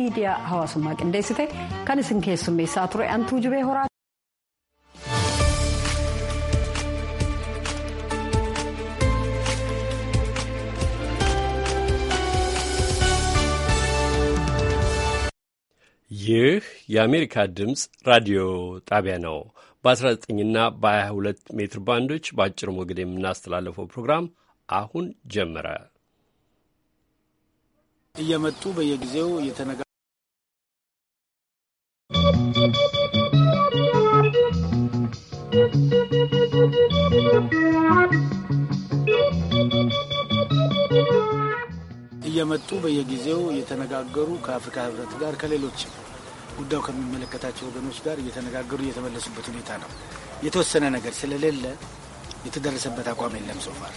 miidiyaa hawaasummaa qindeessite kan isin keessummeessaa ture antuu jibee horaa. ይህ የአሜሪካ ድምፅ ራዲዮ ጣቢያ ነው። በ19ና በ22 ሜትር ባንዶች በአጭር ሞገድ የምናስተላለፈው ፕሮግራም አሁን ጀመረ። እየመጡ በየጊዜው እየተነጋ እየመጡ በየጊዜው እየተነጋገሩ ከአፍሪካ ህብረት ጋር ከሌሎች ጉዳዩ ከሚመለከታቸው ወገኖች ጋር እየተነጋገሩ እየተመለሱበት ሁኔታ ነው። የተወሰነ ነገር ስለሌለ የተደረሰበት አቋም የለም ሶፋር።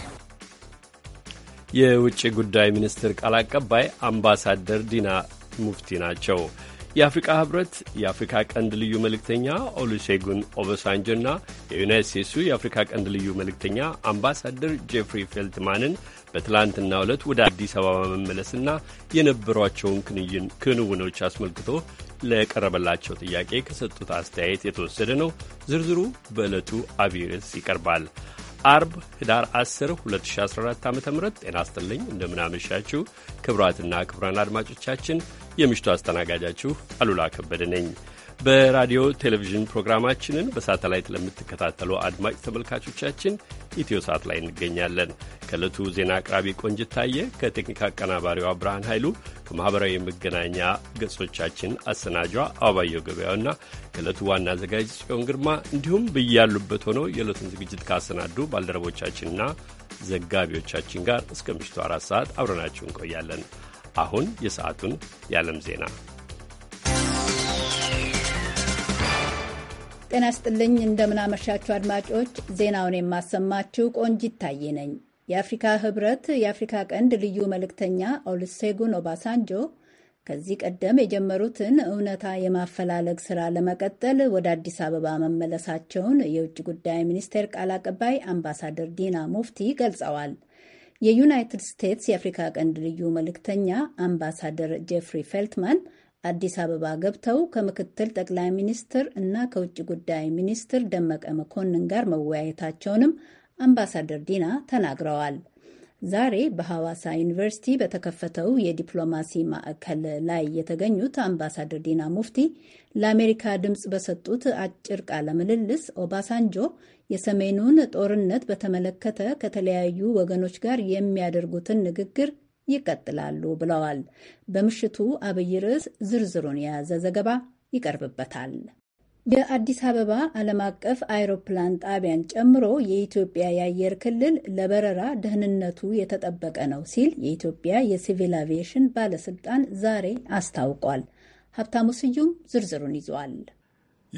የውጭ ጉዳይ ሚኒስቴር ቃል አቀባይ አምባሳደር ዲና ሙፍቲ ናቸው። የአፍሪካ ህብረት የአፍሪካ ቀንድ ልዩ መልእክተኛ ኦሉሴጉን ኦበሳንጆና የዩናይት ስቴትሱ የአፍሪካ ቀንድ ልዩ መልእክተኛ አምባሳደር ጄፍሪ ፌልትማንን በትላንትና ዕለት ወደ አዲስ አበባ መመለስና የነበሯቸውን ክንውኖች አስመልክቶ ለቀረበላቸው ጥያቄ ከሰጡት አስተያየት የተወሰደ ነው። ዝርዝሩ በዕለቱ አብይ ይቀርባል። አርብ ህዳር 10 2014 ዓ ም ጤና ይስጥልኝ። እንደምናመሻችሁ ክቡራትና ክቡራን አድማጮቻችን የምሽቱ አስተናጋጃችሁ አሉላ ከበደ ነኝ። በራዲዮ ቴሌቪዥን ፕሮግራማችንን በሳተላይት ለምትከታተሉ አድማጭ ተመልካቾቻችን ኢትዮ ሰዓት ላይ እንገኛለን። ከእለቱ ዜና አቅራቢ ቆንጅት ታየ፣ ከቴክኒክ አቀናባሪዋ ብርሃን ኃይሉ፣ ከማኅበራዊ የመገናኛ ገጾቻችን አሰናጇ አበባየሁ ገበያውና ከእለቱ ዋና አዘጋጅ ጽዮን ግርማ እንዲሁም ብያሉበት ሆነው የዕለቱን ዝግጅት ካሰናዱ ባልደረቦቻችንና ዘጋቢዎቻችን ጋር እስከ ምሽቱ አራት ሰዓት አብረናችሁ እንቆያለን። አሁን የሰዓቱን የዓለም ዜና ጤና ስጥልኝ እንደምናመሻችሁ አድማጮች፣ ዜናውን የማሰማችሁ ቆንጅ ታዬ ነኝ። የአፍሪካ ህብረት የአፍሪካ ቀንድ ልዩ መልእክተኛ ኦሉሴጉን ኦባሳንጆ ከዚህ ቀደም የጀመሩትን እውነታ የማፈላለግ ስራ ለመቀጠል ወደ አዲስ አበባ መመለሳቸውን የውጭ ጉዳይ ሚኒስቴር ቃል አቀባይ አምባሳደር ዲና ሙፍቲ ገልጸዋል። የዩናይትድ ስቴትስ የአፍሪካ ቀንድ ልዩ መልእክተኛ አምባሳደር ጄፍሪ ፌልትማን አዲስ አበባ ገብተው ከምክትል ጠቅላይ ሚኒስትር እና ከውጭ ጉዳይ ሚኒስትር ደመቀ መኮንን ጋር መወያየታቸውንም አምባሳደር ዲና ተናግረዋል። ዛሬ በሐዋሳ ዩኒቨርሲቲ በተከፈተው የዲፕሎማሲ ማዕከል ላይ የተገኙት አምባሳደር ዲና ሙፍቲ ለአሜሪካ ድምፅ በሰጡት አጭር ቃለ ምልልስ ኦባሳንጆ የሰሜኑን ጦርነት በተመለከተ ከተለያዩ ወገኖች ጋር የሚያደርጉትን ንግግር ይቀጥላሉ ብለዋል። በምሽቱ አብይ ርዕስ ዝርዝሩን የያዘ ዘገባ ይቀርብበታል። የአዲስ አበባ ዓለም አቀፍ አይሮፕላን ጣቢያን ጨምሮ የኢትዮጵያ የአየር ክልል ለበረራ ደህንነቱ የተጠበቀ ነው ሲል የኢትዮጵያ የሲቪል አቪዬሽን ባለስልጣን ዛሬ አስታውቋል። ሀብታሙ ስዩም ዝርዝሩን ይዟል።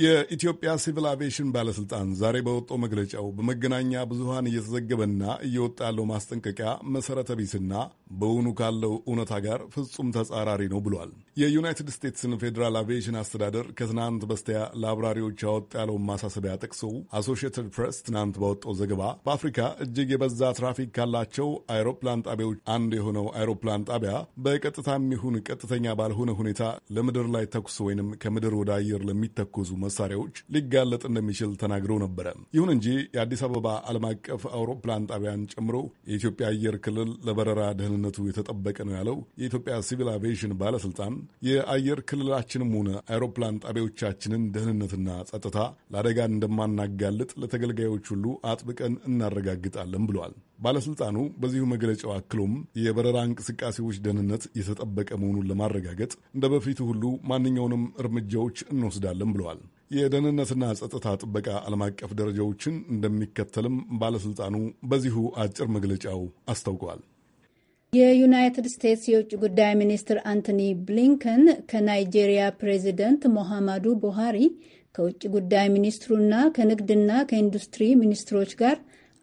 የኢትዮጵያ ሲቪል አቪዬሽን ባለስልጣን ዛሬ በወጣው መግለጫው በመገናኛ ብዙሃን እየተዘገበና እየወጣ ያለው ማስጠንቀቂያ መሰረተ ቢስና በውኑ ካለው እውነታ ጋር ፍጹም ተጻራሪ ነው ብሏል። የዩናይትድ ስቴትስን ፌዴራል አቪዬሽን አስተዳደር ከትናንት በስቲያ ለአብራሪዎች ያወጣ ያለውን ማሳሰቢያ ጠቅሰው አሶሺየትድ ፕሬስ ትናንት ባወጣው ዘገባ በአፍሪካ እጅግ የበዛ ትራፊክ ካላቸው አይሮፕላን ጣቢያዎች አንዱ የሆነው አይሮፕላን ጣቢያ በቀጥታ ይሁን ቀጥተኛ ባልሆነ ሁኔታ ለምድር ላይ ተኩስ ወይንም ከምድር ወደ አየር ለሚተኮዙ መሳሪያዎች ሊጋለጥ እንደሚችል ተናግረው ነበረ። ይሁን እንጂ የአዲስ አበባ ዓለም አቀፍ አውሮፕላን ጣቢያን ጨምሮ የኢትዮጵያ አየር ክልል ለበረራ ደህንነቱ የተጠበቀ ነው ያለው የኢትዮጵያ ሲቪል አቪዬሽን ባለስልጣን የአየር ክልላችንም ሆነ አውሮፕላን ጣቢያዎቻችንን ደህንነትና ጸጥታ ለአደጋ እንደማናጋልጥ ለተገልጋዮች ሁሉ አጥብቀን እናረጋግጣለን ብለዋል። ባለስልጣኑ በዚሁ መግለጫው አክሎም የበረራ እንቅስቃሴዎች ደህንነት የተጠበቀ መሆኑን ለማረጋገጥ እንደ በፊቱ ሁሉ ማንኛውንም እርምጃዎች እንወስዳለን ብለዋል። የደህንነትና ጸጥታ ጥበቃ ዓለም አቀፍ ደረጃዎችን እንደሚከተልም ባለሥልጣኑ በዚሁ አጭር መግለጫው አስታውቀዋል። የዩናይትድ ስቴትስ የውጭ ጉዳይ ሚኒስትር አንቶኒ ብሊንከን ከናይጄሪያ ፕሬዚደንት ሞሐማዱ ቡሃሪ ከውጭ ጉዳይ ሚኒስትሩና ከንግድና ከኢንዱስትሪ ሚኒስትሮች ጋር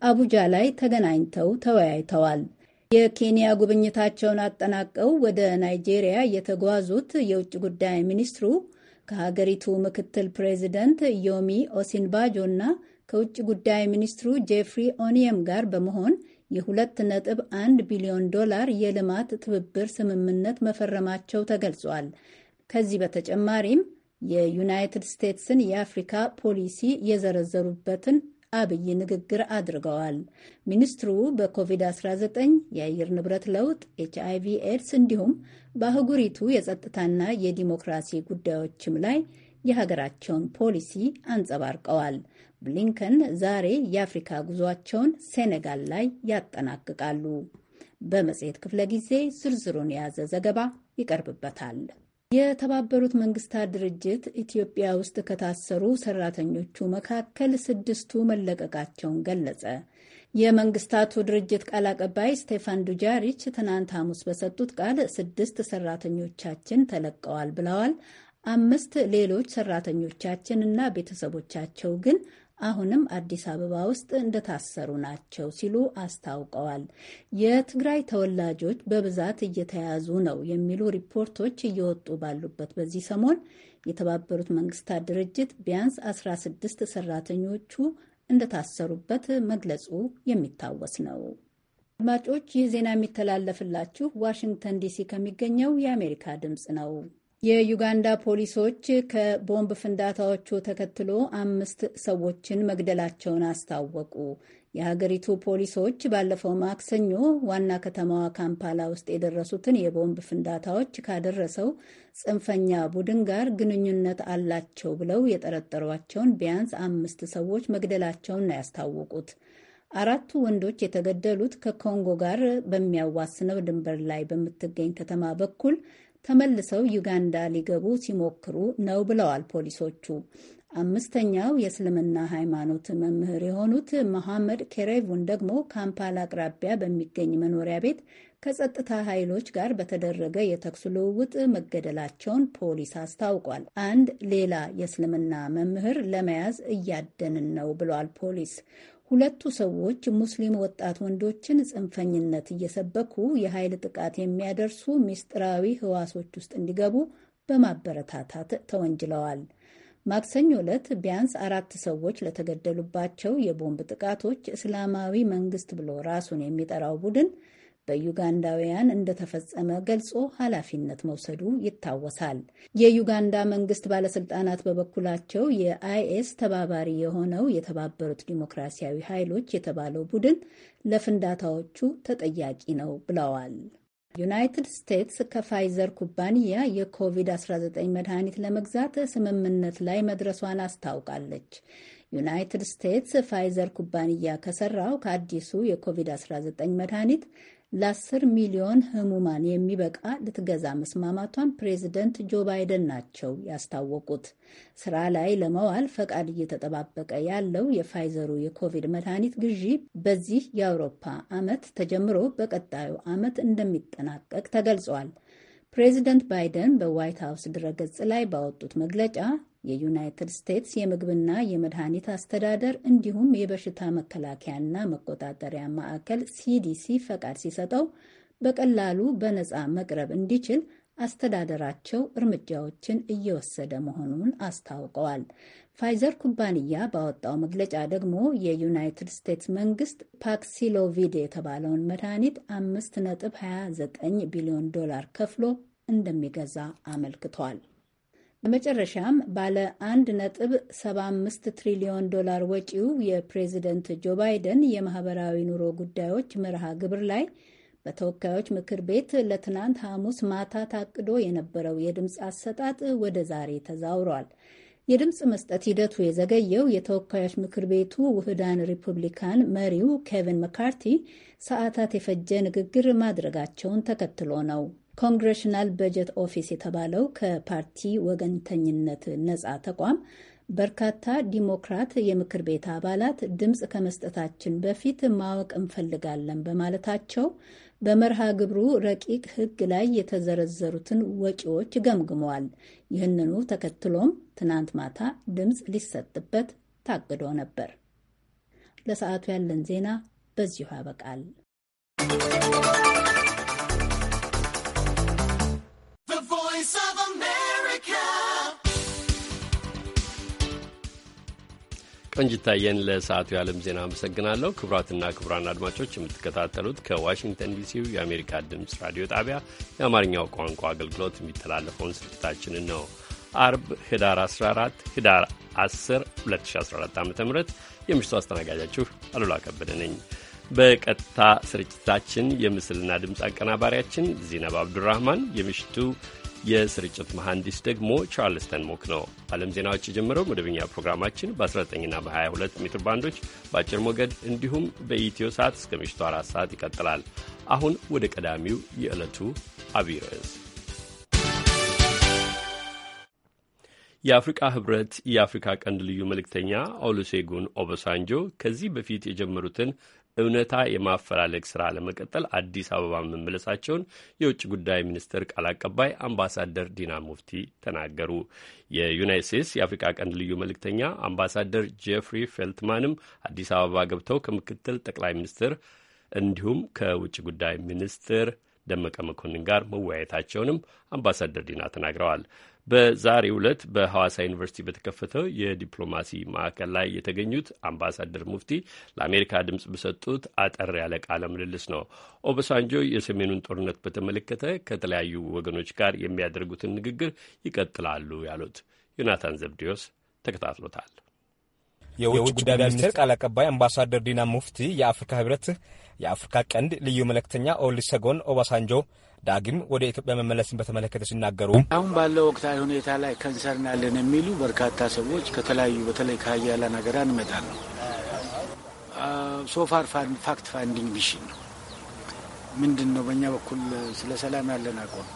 አቡጃ ላይ ተገናኝተው ተወያይተዋል። የኬንያ ጉብኝታቸውን አጠናቀው ወደ ናይጄሪያ የተጓዙት የውጭ ጉዳይ ሚኒስትሩ ከሀገሪቱ ምክትል ፕሬዚደንት ዮሚ ኦሲንባጆና ከውጭ ጉዳይ ሚኒስትሩ ጄፍሪ ኦኒየም ጋር በመሆን የ ነጥብ ቢሊዮን ዶላር የልማት ትብብር ስምምነት መፈረማቸው ተገልጿል። ከዚህ በተጨማሪም የዩናይትድ ስቴትስን የአፍሪካ ፖሊሲ የዘረዘሩበትን አብይ ንግግር አድርገዋል። ሚኒስትሩ በኮቪድ-19 የአየር ንብረት ለውጥ፣ ኤች አይ ቪ ኤድስ እንዲሁም በአህጉሪቱ የጸጥታና የዲሞክራሲ ጉዳዮችም ላይ የሀገራቸውን ፖሊሲ አንጸባርቀዋል። ብሊንከን ዛሬ የአፍሪካ ጉዟቸውን ሴኔጋል ላይ ያጠናቅቃሉ። በመጽሔት ክፍለ ጊዜ ዝርዝሩን የያዘ ዘገባ ይቀርብበታል። የተባበሩት መንግስታት ድርጅት ኢትዮጵያ ውስጥ ከታሰሩ ሰራተኞቹ መካከል ስድስቱ መለቀቃቸውን ገለጸ። የመንግስታቱ ድርጅት ቃል አቀባይ ስቴፋን ዱጃሪች ትናንት ሐሙስ በሰጡት ቃል ስድስት ሰራተኞቻችን ተለቀዋል ብለዋል። አምስት ሌሎች ሰራተኞቻችን እና ቤተሰቦቻቸው ግን አሁንም አዲስ አበባ ውስጥ እንደታሰሩ ናቸው ሲሉ አስታውቀዋል። የትግራይ ተወላጆች በብዛት እየተያዙ ነው የሚሉ ሪፖርቶች እየወጡ ባሉበት በዚህ ሰሞን የተባበሩት መንግስታት ድርጅት ቢያንስ 16 ሰራተኞቹ እንደታሰሩበት መግለጹ የሚታወስ ነው። አድማጮች ይህ ዜና የሚተላለፍላችሁ ዋሽንግተን ዲሲ ከሚገኘው የአሜሪካ ድምፅ ነው። የዩጋንዳ ፖሊሶች ከቦምብ ፍንዳታዎቹ ተከትሎ አምስት ሰዎችን መግደላቸውን አስታወቁ። የሀገሪቱ ፖሊሶች ባለፈው ማክሰኞ ዋና ከተማዋ ካምፓላ ውስጥ የደረሱትን የቦምብ ፍንዳታዎች ካደረሰው ጽንፈኛ ቡድን ጋር ግንኙነት አላቸው ብለው የጠረጠሯቸውን ቢያንስ አምስት ሰዎች መግደላቸውን ነው ያስታወቁት። አራቱ ወንዶች የተገደሉት ከኮንጎ ጋር በሚያዋስነው ድንበር ላይ በምትገኝ ከተማ በኩል ተመልሰው ዩጋንዳ ሊገቡ ሲሞክሩ ነው ብለዋል ፖሊሶቹ። አምስተኛው የእስልምና ሃይማኖት መምህር የሆኑት መሐመድ ኬሬቭን ደግሞ ካምፓላ አቅራቢያ በሚገኝ መኖሪያ ቤት ከጸጥታ ኃይሎች ጋር በተደረገ የተኩስ ልውውጥ መገደላቸውን ፖሊስ አስታውቋል። አንድ ሌላ የእስልምና መምህር ለመያዝ እያደንን ነው ብሏል ፖሊስ። ሁለቱ ሰዎች ሙስሊም ወጣት ወንዶችን ጽንፈኝነት እየሰበኩ የኃይል ጥቃት የሚያደርሱ ምስጢራዊ ህዋሶች ውስጥ እንዲገቡ በማበረታታት ተወንጅለዋል። ማክሰኞ ዕለት ቢያንስ አራት ሰዎች ለተገደሉባቸው የቦምብ ጥቃቶች እስላማዊ መንግስት ብሎ ራሱን የሚጠራው ቡድን በዩጋንዳውያን እንደተፈጸመ ገልጾ ኃላፊነት መውሰዱ ይታወሳል። የዩጋንዳ መንግስት ባለስልጣናት በበኩላቸው የአይኤስ ተባባሪ የሆነው የተባበሩት ዲሞክራሲያዊ ኃይሎች የተባለው ቡድን ለፍንዳታዎቹ ተጠያቂ ነው ብለዋል። ዩናይትድ ስቴትስ ከፋይዘር ኩባንያ የኮቪድ-19 መድኃኒት ለመግዛት ስምምነት ላይ መድረሷን አስታውቃለች። ዩናይትድ ስቴትስ ፋይዘር ኩባንያ ከሰራው ከአዲሱ የኮቪድ-19 መድኃኒት ለ10 ሚሊዮን ህሙማን የሚበቃ ልትገዛ መስማማቷን ፕሬዚደንት ጆ ባይደን ናቸው ያስታወቁት። ስራ ላይ ለመዋል ፈቃድ እየተጠባበቀ ያለው የፋይዘሩ የኮቪድ መድኃኒት ግዢ በዚህ የአውሮፓ ዓመት ተጀምሮ በቀጣዩ ዓመት እንደሚጠናቀቅ ተገልጿል። ፕሬዚደንት ባይደን በዋይት ሀውስ ድረገጽ ላይ ባወጡት መግለጫ የዩናይትድ ስቴትስ የምግብና የመድኃኒት አስተዳደር እንዲሁም የበሽታ መከላከያና መቆጣጠሪያ ማዕከል ሲዲሲ ፈቃድ ሲሰጠው በቀላሉ በነፃ መቅረብ እንዲችል አስተዳደራቸው እርምጃዎችን እየወሰደ መሆኑን አስታውቀዋል። ፋይዘር ኩባንያ ባወጣው መግለጫ ደግሞ የዩናይትድ ስቴትስ መንግስት ፓክሲሎቪድ የተባለውን መድኃኒት 5.29 ቢሊዮን ዶላር ከፍሎ እንደሚገዛ አመልክቷል። በመጨረሻም ባለ 1.75 ትሪሊዮን ዶላር ወጪው የፕሬዚደንት ጆ ባይደን የማህበራዊ ኑሮ ጉዳዮች መርሃ ግብር ላይ በተወካዮች ምክር ቤት ለትናንት ሐሙስ ማታ ታቅዶ የነበረው የድምፅ አሰጣጥ ወደ ዛሬ ተዛውሯል። የድምፅ መስጠት ሂደቱ የዘገየው የተወካዮች ምክር ቤቱ ውህዳን ሪፑብሊካን መሪው ኬቪን መካርቲ ሰዓታት የፈጀ ንግግር ማድረጋቸውን ተከትሎ ነው። ኮንግሬሽናል በጀት ኦፊስ የተባለው ከፓርቲ ወገንተኝነት ነፃ ተቋም በርካታ ዲሞክራት የምክር ቤት አባላት ድምፅ ከመስጠታችን በፊት ማወቅ እንፈልጋለን በማለታቸው በመርሃ ግብሩ ረቂቅ ሕግ ላይ የተዘረዘሩትን ወጪዎች ገምግመዋል። ይህንኑ ተከትሎም ትናንት ማታ ድምፅ ሊሰጥበት ታቅዶ ነበር። ለሰዓቱ ያለን ዜና በዚሁ ያበቃል። ቆንጅታየን ለሰዓቱ የዓለም ዜና አመሰግናለሁ። ክቡራትና ክቡራን አድማጮች የምትከታተሉት ከዋሽንግተን ዲሲው የአሜሪካ ድምፅ ራዲዮ ጣቢያ የአማርኛው ቋንቋ አገልግሎት የሚተላለፈውን ስርጭታችንን ነው። አርብ ህዳር 14 ህዳር 10 2014 ዓ ም የምሽቱ አስተናጋጃችሁ አሉላ ከበደ ነኝ። በቀጥታ ስርጭታችን የምስልና ድምፅ አቀናባሪያችን ዜናብ አብዱራህማን የምሽቱ የስርጭት መሐንዲስ ደግሞ ቻርልስተን ሞክ ነው። ዓለም ዜናዎች የጀመረው መደበኛ ፕሮግራማችን በ19ና በ22 ሜትር ባንዶች በአጭር ሞገድ እንዲሁም በኢትዮ ሰዓት እስከ ምሽቱ አራት ሰዓት ይቀጥላል። አሁን ወደ ቀዳሚው የዕለቱ አብይ ርዕስ የአፍሪቃ ህብረት የአፍሪካ ቀንድ ልዩ መልእክተኛ ኦሉሴጉን ኦበሳንጆ ከዚህ በፊት የጀመሩትን እውነታ የማፈላለግ ስራ ለመቀጠል አዲስ አበባ መመለሳቸውን የውጭ ጉዳይ ሚኒስትር ቃል አቀባይ አምባሳደር ዲና ሙፍቲ ተናገሩ። የዩናይት ስቴትስ የአፍሪካ ቀንድ ልዩ መልእክተኛ አምባሳደር ጄፍሪ ፌልትማንም አዲስ አበባ ገብተው ከምክትል ጠቅላይ ሚኒስትር እንዲሁም ከውጭ ጉዳይ ሚኒስትር ደመቀ መኮንን ጋር መወያየታቸውንም አምባሳደር ዲና ተናግረዋል። በዛሬው ዕለት በሐዋሳ ዩኒቨርሲቲ በተከፈተው የዲፕሎማሲ ማዕከል ላይ የተገኙት አምባሳደር ሙፍቲ ለአሜሪካ ድምፅ በሰጡት አጠር ያለ ቃለ ምልልስ ነው። ኦበሳንጆ የሰሜኑን ጦርነት በተመለከተ ከተለያዩ ወገኖች ጋር የሚያደርጉትን ንግግር ይቀጥላሉ ያሉት ዮናታን ዘብዴዎስ ተከታትሎታል። የውጭ ጉዳይ ሚኒስቴር ቃል አቀባይ አምባሳደር ዲና ሙፍቲ የአፍሪካ ህብረት የአፍሪካ ቀንድ ልዩ መልእክተኛ ኦሊሰጎን ኦባሳንጆ ዳግም ወደ ኢትዮጵያ መመለስን በተመለከተ ሲናገሩ አሁን ባለው ወቅታዊ ሁኔታ ላይ ከንሰር ናለን የሚሉ በርካታ ሰዎች ከተለያዩ በተለይ ከሀያላን ሀገራት እንመጣል ነው። ሶፋር ፋክት ፋንዲንግ ሚሽን ነው። ምንድን ነው በእኛ በኩል ስለ ሰላም ያለን አቋም፣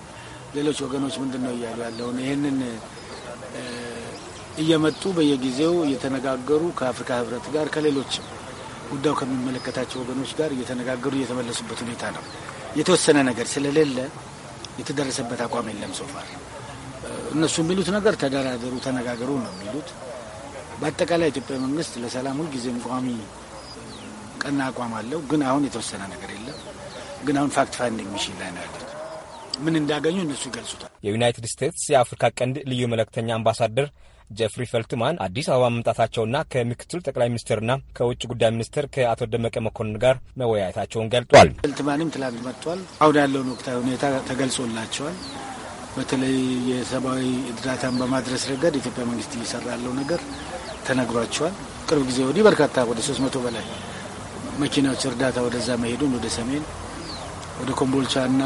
ሌሎች ወገኖች ምንድን ነው እያሉ ያለውን ይህንን እየመጡ በየጊዜው እየተነጋገሩ ከአፍሪካ ህብረት ጋር ከሌሎችም ጉዳዩ ከሚመለከታቸው ወገኖች ጋር እየተነጋገሩ እየተመለሱበት ሁኔታ ነው። የተወሰነ ነገር ስለሌለ የተደረሰበት አቋም የለም። ሶፋር እነሱ የሚሉት ነገር ተደራደሩ፣ ተነጋገሩ ነው የሚሉት። በአጠቃላይ ኢትዮጵያ መንግስት ለሰላም ሁልጊዜም ቋሚ ቀና አቋም አለው። ግን አሁን የተወሰነ ነገር የለም። ግን አሁን ፋክት ፋይንዲንግ ሚሽን ላይ ነው ያሉት። ምን እንዳገኙ እነሱ ይገልጹታል። የዩናይትድ ስቴትስ የአፍሪካ ቀንድ ልዩ መልእክተኛ አምባሳደር ጀፍሪ ፈልትማን አዲስ አበባ መምጣታቸውና ከምክትል ጠቅላይ ሚኒስትርና ከውጭ ጉዳይ ሚኒስትር ከአቶ ደመቀ መኮንን ጋር መወያየታቸውን ገልጧል። ፈልትማንም ትላንት መጥቷል። አሁን ያለውን ወቅታዊ ሁኔታ ተገልጾላቸዋል። በተለይ የሰብአዊ እርዳታን በማድረስ ረገድ ኢትዮጵያ መንግስት እየሰራ ያለው ነገር ተነግሯቸዋል። ቅርብ ጊዜ ወዲህ በርካታ ወደ ሶስት መቶ በላይ መኪናዎች እርዳታ ወደዛ መሄዱን ወደ ሰሜን ወደ ኮምቦልቻና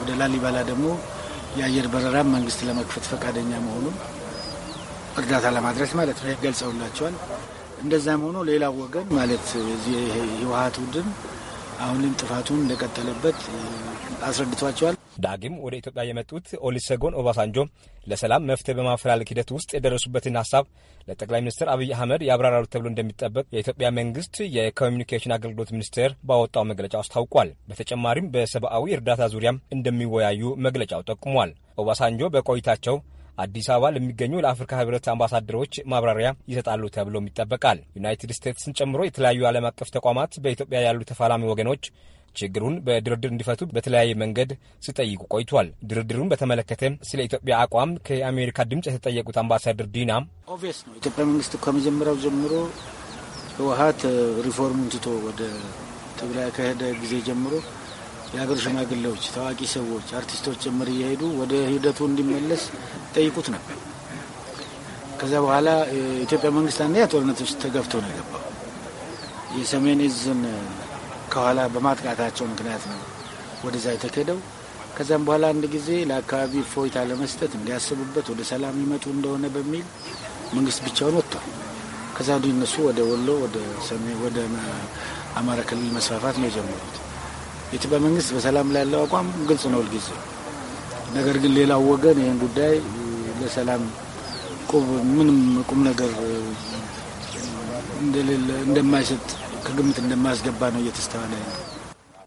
ወደ ላሊበላ ደግሞ የአየር በረራም መንግስት ለመክፈት ፈቃደኛ መሆኑን እርዳታ ለማድረስ ማለት ነው። ገልጸውላቸዋል። እንደዛም ሆኖ ሌላው ወገን ማለት የህወሀት ቡድን አሁንም ጥፋቱን እንደቀጠለበት አስረድቷቸዋል። ዳግም ወደ ኢትዮጵያ የመጡት ኦሊሰጎን ኦባሳንጆ ለሰላም መፍትሄ በማፈላለግ ሂደት ውስጥ የደረሱበትን ሀሳብ ለጠቅላይ ሚኒስትር አብይ አህመድ ያብራራሉ ተብሎ እንደሚጠበቅ የኢትዮጵያ መንግስት የኮሚኒኬሽን አገልግሎት ሚኒስቴር ባወጣው መግለጫ አስታውቋል። በተጨማሪም በሰብአዊ እርዳታ ዙሪያም እንደሚወያዩ መግለጫው ጠቁሟል። ኦባሳንጆ በቆይታቸው አዲስ አበባ ለሚገኙ ለአፍሪካ ህብረት አምባሳደሮች ማብራሪያ ይሰጣሉ ተብሎም ይጠበቃል። ዩናይትድ ስቴትስን ጨምሮ የተለያዩ ዓለም አቀፍ ተቋማት በኢትዮጵያ ያሉ ተፋላሚ ወገኖች ችግሩን በድርድር እንዲፈቱ በተለያየ መንገድ ሲጠይቁ ቆይቷል። ድርድሩን በተመለከተ ስለ ኢትዮጵያ አቋም ከአሜሪካ ድምፅ የተጠየቁት አምባሳደር ዲና ኦቪየስ ነው። ኢትዮጵያ መንግስት ከመጀመሪያው ጀምሮ ህወሀት ሪፎርሙን ትቶ ወደ ትግራይ ከሄደ ጊዜ ጀምሮ የሀገር ሽማግሌዎች፣ ታዋቂ ሰዎች፣ አርቲስቶች ጭምር እየሄዱ ወደ ሂደቱ እንዲመለስ ጠይቁት ነበር። ከዚያ በኋላ የኢትዮጵያ መንግስት አንደኛ ጦርነት ውስጥ ተገብቶ ነው የገባው። የሰሜን እዝን ከኋላ በማጥቃታቸው ምክንያት ነው ወደዛ የተካሄደው። ከዚያም በኋላ አንድ ጊዜ ለአካባቢ ፎይታ ለመስጠት እንዲያስቡበት ወደ ሰላም ይመጡ እንደሆነ በሚል መንግስት ብቻውን ወጥቷል። ከዛ እነሱ ወደ ወሎ ወደ አማራ ክልል መስፋፋት ነው የጀመሩት። የኢትዮጵያ መንግስት በሰላም ላይ ያለው አቋም ግልጽ ነው ሁልጊዜ። ነገር ግን ሌላው ወገን ይህን ጉዳይ ለሰላም ምንም ቁም ነገር እንደሌለ እንደማይሰጥ ከግምት እንደማያስገባ ነው እየተስተዋለ ነው።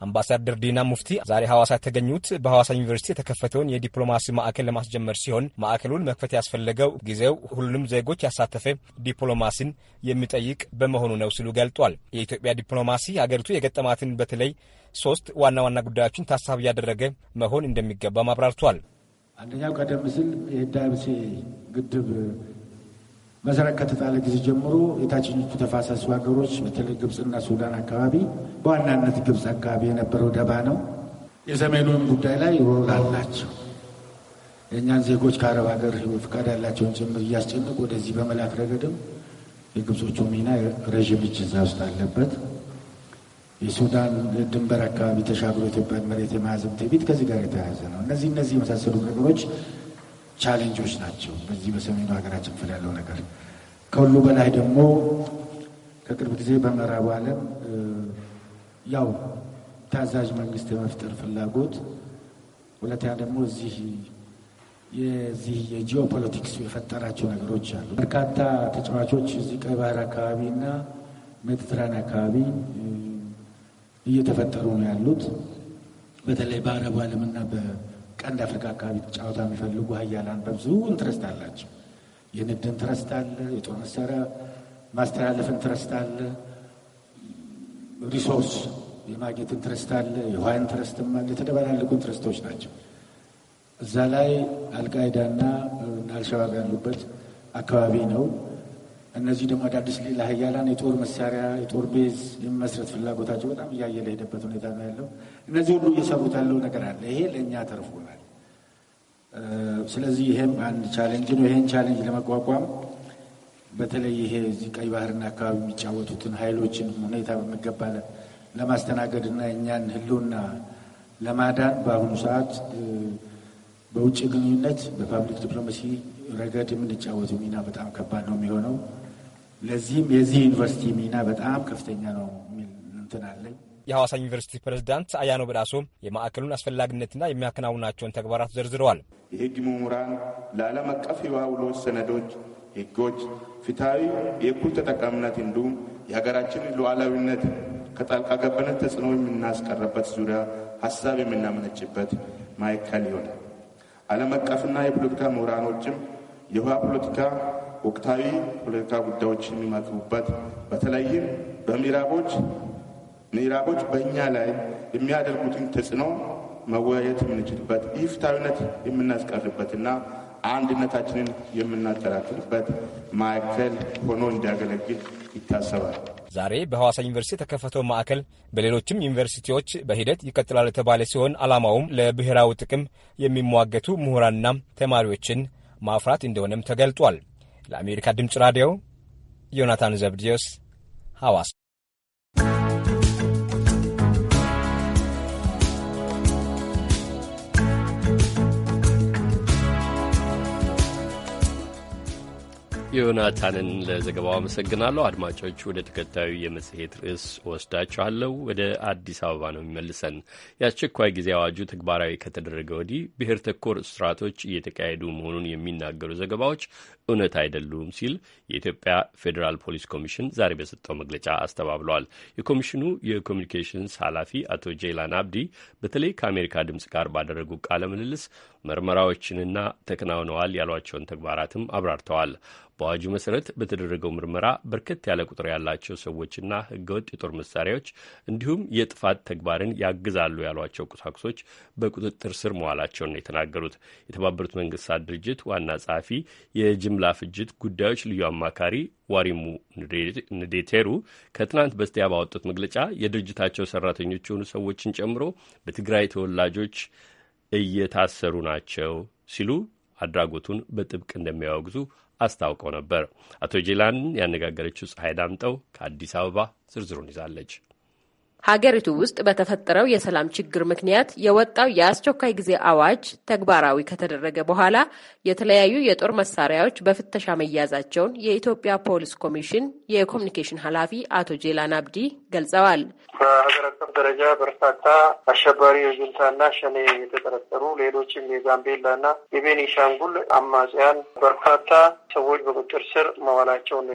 አምባሳደር ዲና ሙፍቲ ዛሬ ሐዋሳ የተገኙት በሐዋሳ ዩኒቨርሲቲ የተከፈተውን የዲፕሎማሲ ማዕከል ለማስጀመር ሲሆን ማዕከሉን መክፈት ያስፈለገው ጊዜው ሁሉም ዜጎች ያሳተፈ ዲፕሎማሲን የሚጠይቅ በመሆኑ ነው ሲሉ ገልጧል። የኢትዮጵያ ዲፕሎማሲ ሀገሪቱ የገጠማትን በተለይ ሶስት ዋና ዋና ጉዳዮችን ታሳቢ ያደረገ መሆን እንደሚገባ አብራርቷል። አንደኛው ቀደም ሲል የህዳሴ ግድብ መሰረት ከተጣለ ጊዜ ጀምሮ የታችኞቹ ተፋሰሱ ሀገሮች በተለይ ግብፅና ሱዳን አካባቢ በዋናነት ግብፅ አካባቢ የነበረው ደባ ነው። የሰሜኑን ጉዳይ ላይ ሮል አላቸው። የእኛን ዜጎች ከአረብ ሀገር ፍቃድ ያላቸውን ጭምር እያስጨንቅ ወደዚህ በመላክ ረገድም የግብጾቹ ሚና ረዥም እጅ እዛ ውስጥ አለበት። የሱዳን ድንበር አካባቢ ተሻግሮ ኢትዮጵያን መሬት የመያዝም ትዕቢት ከዚህ ጋር የተያያዘ ነው። እነዚህ እነዚህ የመሳሰሉ ነገሮች ቻሌንጆች ናቸው። በዚህ በሰሜኑ ሀገራችን ክፍል ያለው ነገር ከሁሉ በላይ ደግሞ ከቅርብ ጊዜ በምዕራቡ ዓለም ያው ታዛዥ መንግስት የመፍጠር ፍላጎት፣ ሁለተኛ ደግሞ እዚህ የዚህ የጂኦ የፈጠራቸው ነገሮች አሉ። በርካታ ተጫዋቾች እዚህ ቀይ ባህር አካባቢ እና ሜዲትራን አካባቢ እየተፈጠሩ ነው ያሉት። በተለይ በአረቡ ዓለምና በቀንድ አፍሪካ አካባቢ ጨዋታ የሚፈልጉ ሀያላን በብዙ ኢንትረስት አላቸው። የንግድ ኢንትረስት አለ፣ የጦር መሳሪያ ማስተላለፍ ኢንትረስት አለ፣ ሪሶርስ የማግኘት ኢንትረስት አለ፣ የውሃ ኢንትረስትም አለ። የተደበላለቁ ኢንትረስቶች ናቸው። እዛ ላይ አልቃይዳና አልሸባብ ያሉበት አካባቢ ነው። እነዚህ ደግሞ አዳዲስ ሌላ ለሀያላን የጦር መሳሪያ የጦር ቤዝ የመስረት ፍላጎታቸው በጣም እያየለ ሄደበት ሁኔታ ነው ያለው። እነዚህ ሁሉ እየሰሩት ያለው ነገር አለ። ይሄ ለእኛ ተርፎናል። ስለዚህ ይሄም አንድ ቻሌንጅ ነው። ይሄን ቻሌንጅ ለመቋቋም በተለይ ይሄ እዚህ ቀይ ባህርና አካባቢ የሚጫወቱትን ኃይሎችን ሁኔታ በሚገባ ለማስተናገድ እና እኛን ህልውና ለማዳን በአሁኑ ሰዓት በውጭ ግንኙነት በፓብሊክ ዲፕሎማሲ ረገድ የምንጫወተው ሚና በጣም ከባድ ነው የሚሆነው። ለዚህም የዚህ ዩኒቨርሲቲ ሚና በጣም ከፍተኛ ነው የሚል እንትን አለኝ። የሐዋሳ ዩኒቨርሲቲ ፕሬዝዳንት አያኖ በዳሶ የማዕከሉን አስፈላጊነትና የሚያከናውናቸውን ተግባራት ዘርዝረዋል። የህግ ምሁራን ለዓለም አቀፍ የዋውሎች ሰነዶች፣ ህጎች፣ ፍትሐዊ የእኩል ተጠቃሚነት እንዲሁም የሀገራችንን ሉዓላዊነት ከጣልቃ ገብነት ተጽዕኖ የምናስቀረበት ዙሪያ ሀሳብ የምናመነጭበት ማዕከል ይሆናል። ዓለም አቀፍና የፖለቲካ ምሁራኖችም የውሃ ፖለቲካ ወቅታዊ ፖለቲካ ጉዳዮች የሚመክሩበት በተለይም በምዕራቦች ምዕራቦች በእኛ ላይ የሚያደርጉትን ተጽዕኖ መወያየት የምንችልበት ኢፍታዊነት የምናስቀርበትና አንድነታችንን የምናጠናክርበት ማዕከል ሆኖ እንዲያገለግል ይታሰባል። ዛሬ በሐዋሳ ዩኒቨርሲቲ የተከፈተው ማዕከል በሌሎችም ዩኒቨርሲቲዎች በሂደት ይቀጥላል የተባለ ሲሆን ዓላማውም ለብሔራዊ ጥቅም የሚሟገቱ ምሁራንና ተማሪዎችን ማፍራት እንደሆነም ተገልጧል። ለአሜሪካ ድምፅ ራዲዮ ዮናታን ዘብድዮስ ሐዋስ ዮናታንን ለዘገባው አመሰግናለሁ። አድማጮች ወደ ተከታዩ የመጽሔት ርዕስ ወስዳችኋለሁ። ወደ አዲስ አበባ ነው የሚመልሰን። የአስቸኳይ ጊዜ አዋጁ ተግባራዊ ከተደረገ ወዲህ ብሔር ተኮር ስርዓቶች እየተካሄዱ መሆኑን የሚናገሩ ዘገባዎች እውነት አይደሉም ሲል የኢትዮጵያ ፌዴራል ፖሊስ ኮሚሽን ዛሬ በሰጠው መግለጫ አስተባብለዋል። የኮሚሽኑ የኮሚኒኬሽንስ ኃላፊ አቶ ጄይላን አብዲ በተለይ ከአሜሪካ ድምፅ ጋር ባደረጉ ቃለ ምልልስ ምርመራዎችንና ተከናውነዋል ያሏቸውን ተግባራትም አብራርተዋል። በአዋጁ መሰረት በተደረገው ምርመራ በርከት ያለ ቁጥር ያላቸው ሰዎችና ህገወጥ የጦር መሳሪያዎች እንዲሁም የጥፋት ተግባርን ያግዛሉ ያሏቸው ቁሳቁሶች በቁጥጥር ስር መዋላቸውን ነው የተናገሩት። የተባበሩት መንግስታት ድርጅት ዋና ጸሐፊ የጅምላ ፍጅት ጉዳዮች ልዩ አማካሪ ዋሪሙ ንዴቴሩ ከትናንት በስቲያ ባወጡት መግለጫ የድርጅታቸው ሰራተኞች የሆኑ ሰዎችን ጨምሮ በትግራይ ተወላጆች እየታሰሩ ናቸው ሲሉ አድራጎቱን በጥብቅ እንደሚያወግዙ አስታውቀው ነበር። አቶ ጄላንን ያነጋገረችው ፀሐይ ዳምጠው ከአዲስ አበባ ዝርዝሩን ይዛለች። ሀገሪቱ ውስጥ በተፈጠረው የሰላም ችግር ምክንያት የወጣው የአስቸኳይ ጊዜ አዋጅ ተግባራዊ ከተደረገ በኋላ የተለያዩ የጦር መሳሪያዎች በፍተሻ መያዛቸውን የኢትዮጵያ ፖሊስ ኮሚሽን የኮሚኒኬሽን ኃላፊ አቶ ጄላን አብዲ ገልጸዋል። በሀገር አቀፍ ደረጃ በርካታ አሸባሪ የጁንታና ሸኔ የተጠረጠሩ ሌሎችም የጋምቤላና የቤኒሻንጉል አማጽያን በርካታ ሰዎች በቁጥር ስር መዋላቸውን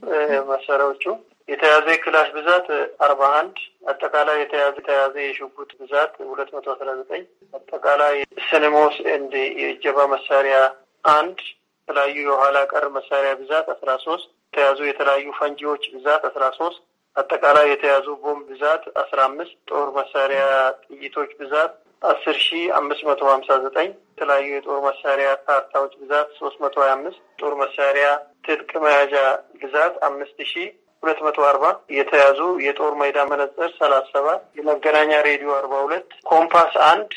መሳሪያዎቹ የተያዘ የክላሽ ብዛት አርባ አንድ አጠቃላይ የተያዘ የተያዘ የሽጉጥ ብዛት ሁለት መቶ አስራ ዘጠኝ አጠቃላይ ስንሞስ እንድ የእጀባ መሳሪያ አንድ የተለያዩ የኋላ ቀር መሳሪያ ብዛት አስራ ሶስት የተያዙ የተለያዩ ፈንጂዎች ብዛት አስራ ሶስት አጠቃላይ የተያዙ ቦምብ ብዛት አስራ አምስት ጦር መሳሪያ ጥይቶች ብዛት አስር ሺ አምስት መቶ ሀምሳ ዘጠኝ የተለያዩ የጦር መሳሪያ ካርታዎች ብዛት ሶስት መቶ ሀያ አምስት ጦር መሳሪያ ትጥቅ መያዣ ብዛት አምስት ሺ ሁለት መቶ አርባ የተያዙ የጦር ሜዳ መነጽር ሰላሳ ሰባት የመገናኛ ሬዲዮ አርባ ሁለት ኮምፓስ አንድ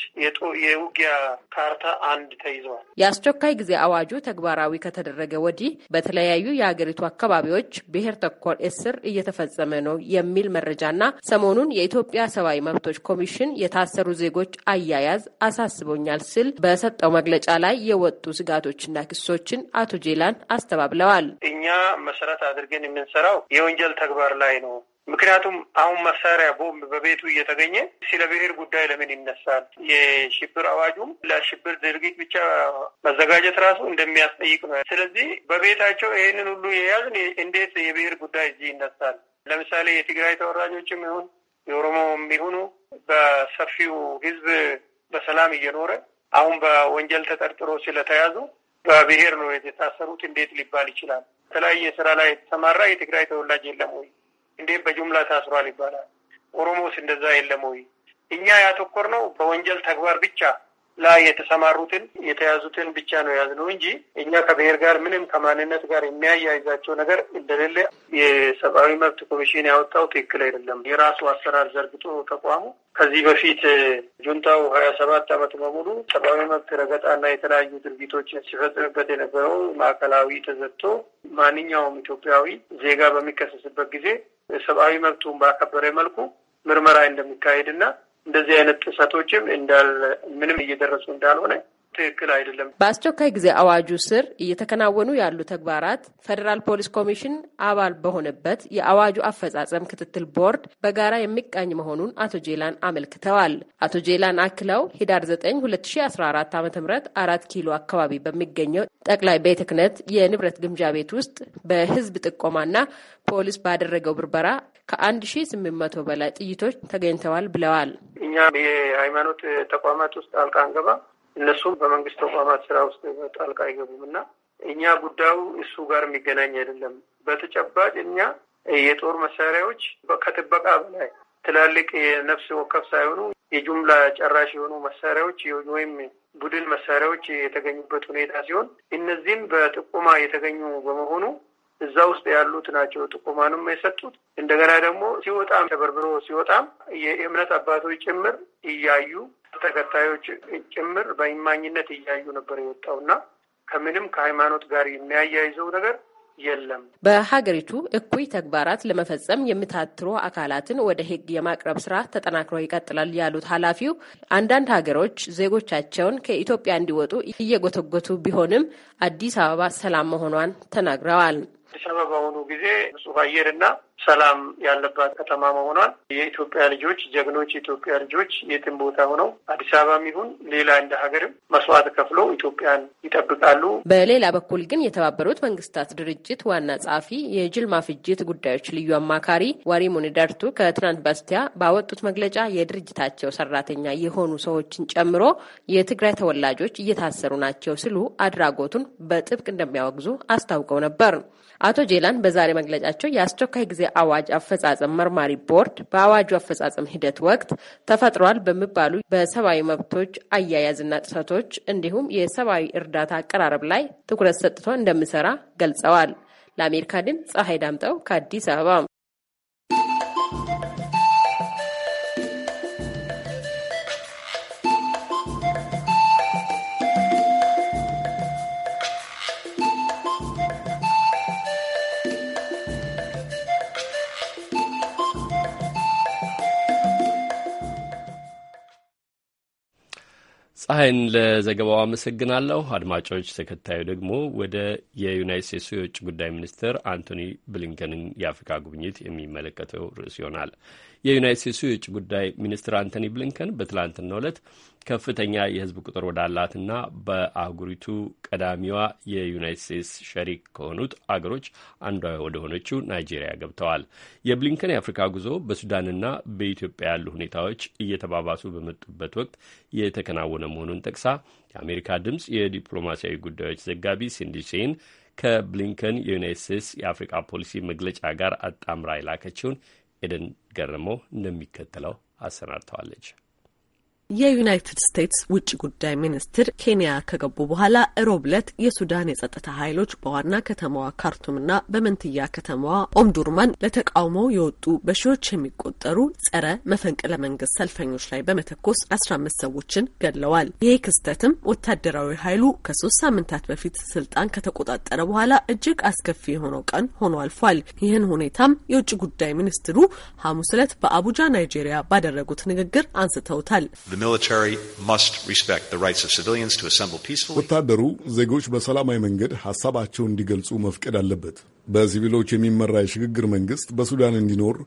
የውጊያ ካርታ አንድ ተይዘዋል። የአስቸኳይ ጊዜ አዋጁ ተግባራዊ ከተደረገ ወዲህ በተለያዩ የሀገሪቱ አካባቢዎች ብሔር ተኮር እስር እየተፈጸመ ነው የሚል መረጃና ሰሞኑን የኢትዮጵያ ሰብአዊ መብቶች ኮሚሽን የታሰሩ ዜጎች አያያዝ አሳስቦኛል ስል በሰጠው መግለጫ ላይ የወጡ ስጋቶችና ክሶችን አቶ ጄላን አስተባብለዋል። እኛ መሰረት አድርገን የምንሰራው የወንጀል ተግባር ላይ ነው። ምክንያቱም አሁን መሳሪያ ቦምብ በቤቱ እየተገኘ ስለ ብሔር ጉዳይ ለምን ይነሳል? የሽብር አዋጁም ለሽብር ድርጊት ብቻ መዘጋጀት ራሱ እንደሚያስጠይቅ ነው። ስለዚህ በቤታቸው ይህንን ሁሉ የያዝን እንዴት የብሔር ጉዳይ እዚህ ይነሳል? ለምሳሌ የትግራይ ተወራጆችም ይሁን የኦሮሞ የሚሆኑ በሰፊው ህዝብ በሰላም እየኖረ አሁን በወንጀል ተጠርጥሮ ስለተያዙ በብሔር ነው የታሰሩት እንዴት ሊባል ይችላል? የተለያየ ስራ ላይ የተሰማራ የትግራይ ተወላጅ የለም ወይ? እንዴም በጅምላ ታስሯል ይባላል? ኦሮሞስ እንደዛ የለም ወይ? እኛ ያተኮር ነው በወንጀል ተግባር ብቻ ላይ የተሰማሩትን የተያዙትን ብቻ ነው ነው እንጂ እኛ ከብሔር ጋር ምንም ከማንነት ጋር የሚያያይዛቸው ነገር እንደሌለ የሰብአዊ መብት ኮሚሽን ያወጣው ትክክል አይደለም። የራሱ አሰራር ዘርግቶ ተቋሙ ከዚህ በፊት ጁንታው ሀያ ሰባት ዓመት በሙሉ ሰብአዊ መብት ረገጣና የተለያዩ ድርጊቶችን ሲፈጽምበት የነበረው ማዕከላዊ ተዘግቶ ማንኛውም ኢትዮጵያዊ ዜጋ በሚከሰስበት ጊዜ ሰብአዊ መብቱን ባከበረ መልኩ ምርመራ እንደሚካሄድና እንደዚህ አይነት ጥሰቶችም እንዳል ምንም እየደረሱ እንዳልሆነ ትክክል አይደለም። በአስቸኳይ ጊዜ አዋጁ ስር እየተከናወኑ ያሉ ተግባራት ፌዴራል ፖሊስ ኮሚሽን አባል በሆነበት የአዋጁ አፈጻጸም ክትትል ቦርድ በጋራ የሚቃኝ መሆኑን አቶ ጄላን አመልክተዋል። አቶ ጄላን አክለው ህዳር 9 2014 ዓ ም አራት ኪሎ አካባቢ በሚገኘው ጠቅላይ ቤተ ክህነት የንብረት ግምጃ ቤት ውስጥ በህዝብ ጥቆማና ፖሊስ ባደረገው ብርበራ ከ1800 በላይ ጥይቶች ተገኝተዋል ብለዋል። እኛ የሃይማኖት ተቋማት ውስጥ አልቃ አንገባ እነሱም በመንግስት ተቋማት ስራ ውስጥ ጣልቃ አይገቡም እና እኛ ጉዳዩ እሱ ጋር የሚገናኝ አይደለም። በተጨባጭ እኛ የጦር መሳሪያዎች ከጥበቃ በላይ ትላልቅ የነፍስ ወከፍ ሳይሆኑ የጁምላ ጨራሽ የሆኑ መሳሪያዎች ወይም ቡድን መሳሪያዎች የተገኙበት ሁኔታ ሲሆን እነዚህም በጥቁማ የተገኙ በመሆኑ እዛ ውስጥ ያሉት ናቸው። ጥቁማንም የሰጡት እንደገና ደግሞ ሲወጣም ተበርብሮ ሲወጣም የእምነት አባቶች ጭምር እያዩ ተከታዮች ጭምር በይማኝነት እያዩ ነበር የወጣውና ከምንም ከሃይማኖት ጋር የሚያያይዘው ነገር የለም። በሀገሪቱ እኩይ ተግባራት ለመፈጸም የሚታትሩ አካላትን ወደ ሕግ የማቅረብ ስራ ተጠናክሮ ይቀጥላል ያሉት ኃላፊው አንዳንድ ሀገሮች ዜጎቻቸውን ከኢትዮጵያ እንዲወጡ እየጎተጎቱ ቢሆንም አዲስ አበባ ሰላም መሆኗን ተናግረዋል። አዲስ አበባ በአሁኑ ጊዜ ንጹህ አየርና ሰላም ያለባት ከተማ መሆኗን የኢትዮጵያ ልጆች ጀግኖች የኢትዮጵያ ልጆች የትም ቦታ ሆነው አዲስ አበባም ይሁን ሌላ እንደ ሀገርም መስዋዕት ከፍሎ ኢትዮጵያን ይጠብቃሉ። በሌላ በኩል ግን የተባበሩት መንግስታት ድርጅት ዋና ጸሐፊ የጅልማ ፍጅት ጉዳዮች ልዩ አማካሪ ዋሪ ሙኒደርቱ ከትናንት በስቲያ ባወጡት መግለጫ የድርጅታቸው ሰራተኛ የሆኑ ሰዎችን ጨምሮ የትግራይ ተወላጆች እየታሰሩ ናቸው ሲሉ አድራጎቱን በጥብቅ እንደሚያወግዙ አስታውቀው ነበር። አቶ ጄላን በዛሬ መግለጫቸው የአስቸኳይ ጊዜ የአዋጅ አፈጻጸም መርማሪ ቦርድ በአዋጁ አፈጻጸም ሂደት ወቅት ተፈጥሯል በሚባሉ በሰብአዊ መብቶች አያያዝና ጥሰቶች እንዲሁም የሰብአዊ እርዳታ አቀራረብ ላይ ትኩረት ሰጥቶ እንደሚሰራ ገልጸዋል። ለአሜሪካ ድምፅ ፀሐይ ዳምጠው ከአዲስ አበባ ፀሐይን ለዘገባው አመሰግናለሁ። አድማጮች፣ ተከታዩ ደግሞ ወደ የዩናይት ስቴትሱ የውጭ ጉዳይ ሚኒስትር አንቶኒ ብሊንከንን የአፍሪካ ጉብኝት የሚመለከተው ርዕስ ይሆናል። የዩናይት ስቴትሱ የውጭ ጉዳይ ሚኒስትር አንቶኒ ብሊንከን በትላንትናው ዕለት ከፍተኛ የህዝብ ቁጥር ወዳላትና በአህጉሪቱ ቀዳሚዋ የዩናይት ስቴትስ ሸሪክ ከሆኑት አገሮች አንዷ ወደ ሆነችው ናይጄሪያ ገብተዋል። የብሊንከን የአፍሪካ ጉዞ በሱዳንና በኢትዮጵያ ያሉ ሁኔታዎች እየተባባሱ በመጡበት ወቅት የተከናወነ መሆኑን ጠቅሳ የአሜሪካ ድምፅ የዲፕሎማሲያዊ ጉዳዮች ዘጋቢ ሲንዲ ሴን ከብሊንከን የዩናይት ስቴትስ የአፍሪካ ፖሊሲ መግለጫ ጋር አጣምራ የላከችውን ኤደን ገረመው እንደሚከተለው አሰናድተዋለች። የዩናይትድ ስቴትስ ውጭ ጉዳይ ሚኒስትር ኬንያ ከገቡ በኋላ ሮብለት የሱዳን የጸጥታ ኃይሎች በዋና ከተማዋ ካርቱምና በመንትያ ከተማዋ ኦምዱርማን ለተቃውሞ የወጡ በሺዎች የሚቆጠሩ ጸረ መፈንቅለ መንግስት ሰልፈኞች ላይ በመተኮስ አስራ አምስት ሰዎችን ገድለዋል። ይህ ክስተትም ወታደራዊ ኃይሉ ከሶስት ሳምንታት በፊት ስልጣን ከተቆጣጠረ በኋላ እጅግ አስከፊ የሆነው ቀን ሆኖ አልፏል። ይህን ሁኔታም የውጭ ጉዳይ ሚኒስትሩ ሐሙስ ዕለት በአቡጃ ናይጄሪያ ባደረጉት ንግግር አንስተውታል። ወታደሩ ዜጎች በሰላማዊ መንገድ ሐሳባቸውን እንዲገልጹ መፍቀድ አለበት። በሲቪሎች የሚመራ የሽግግር መንግሥት በሱዳን እንዲኖር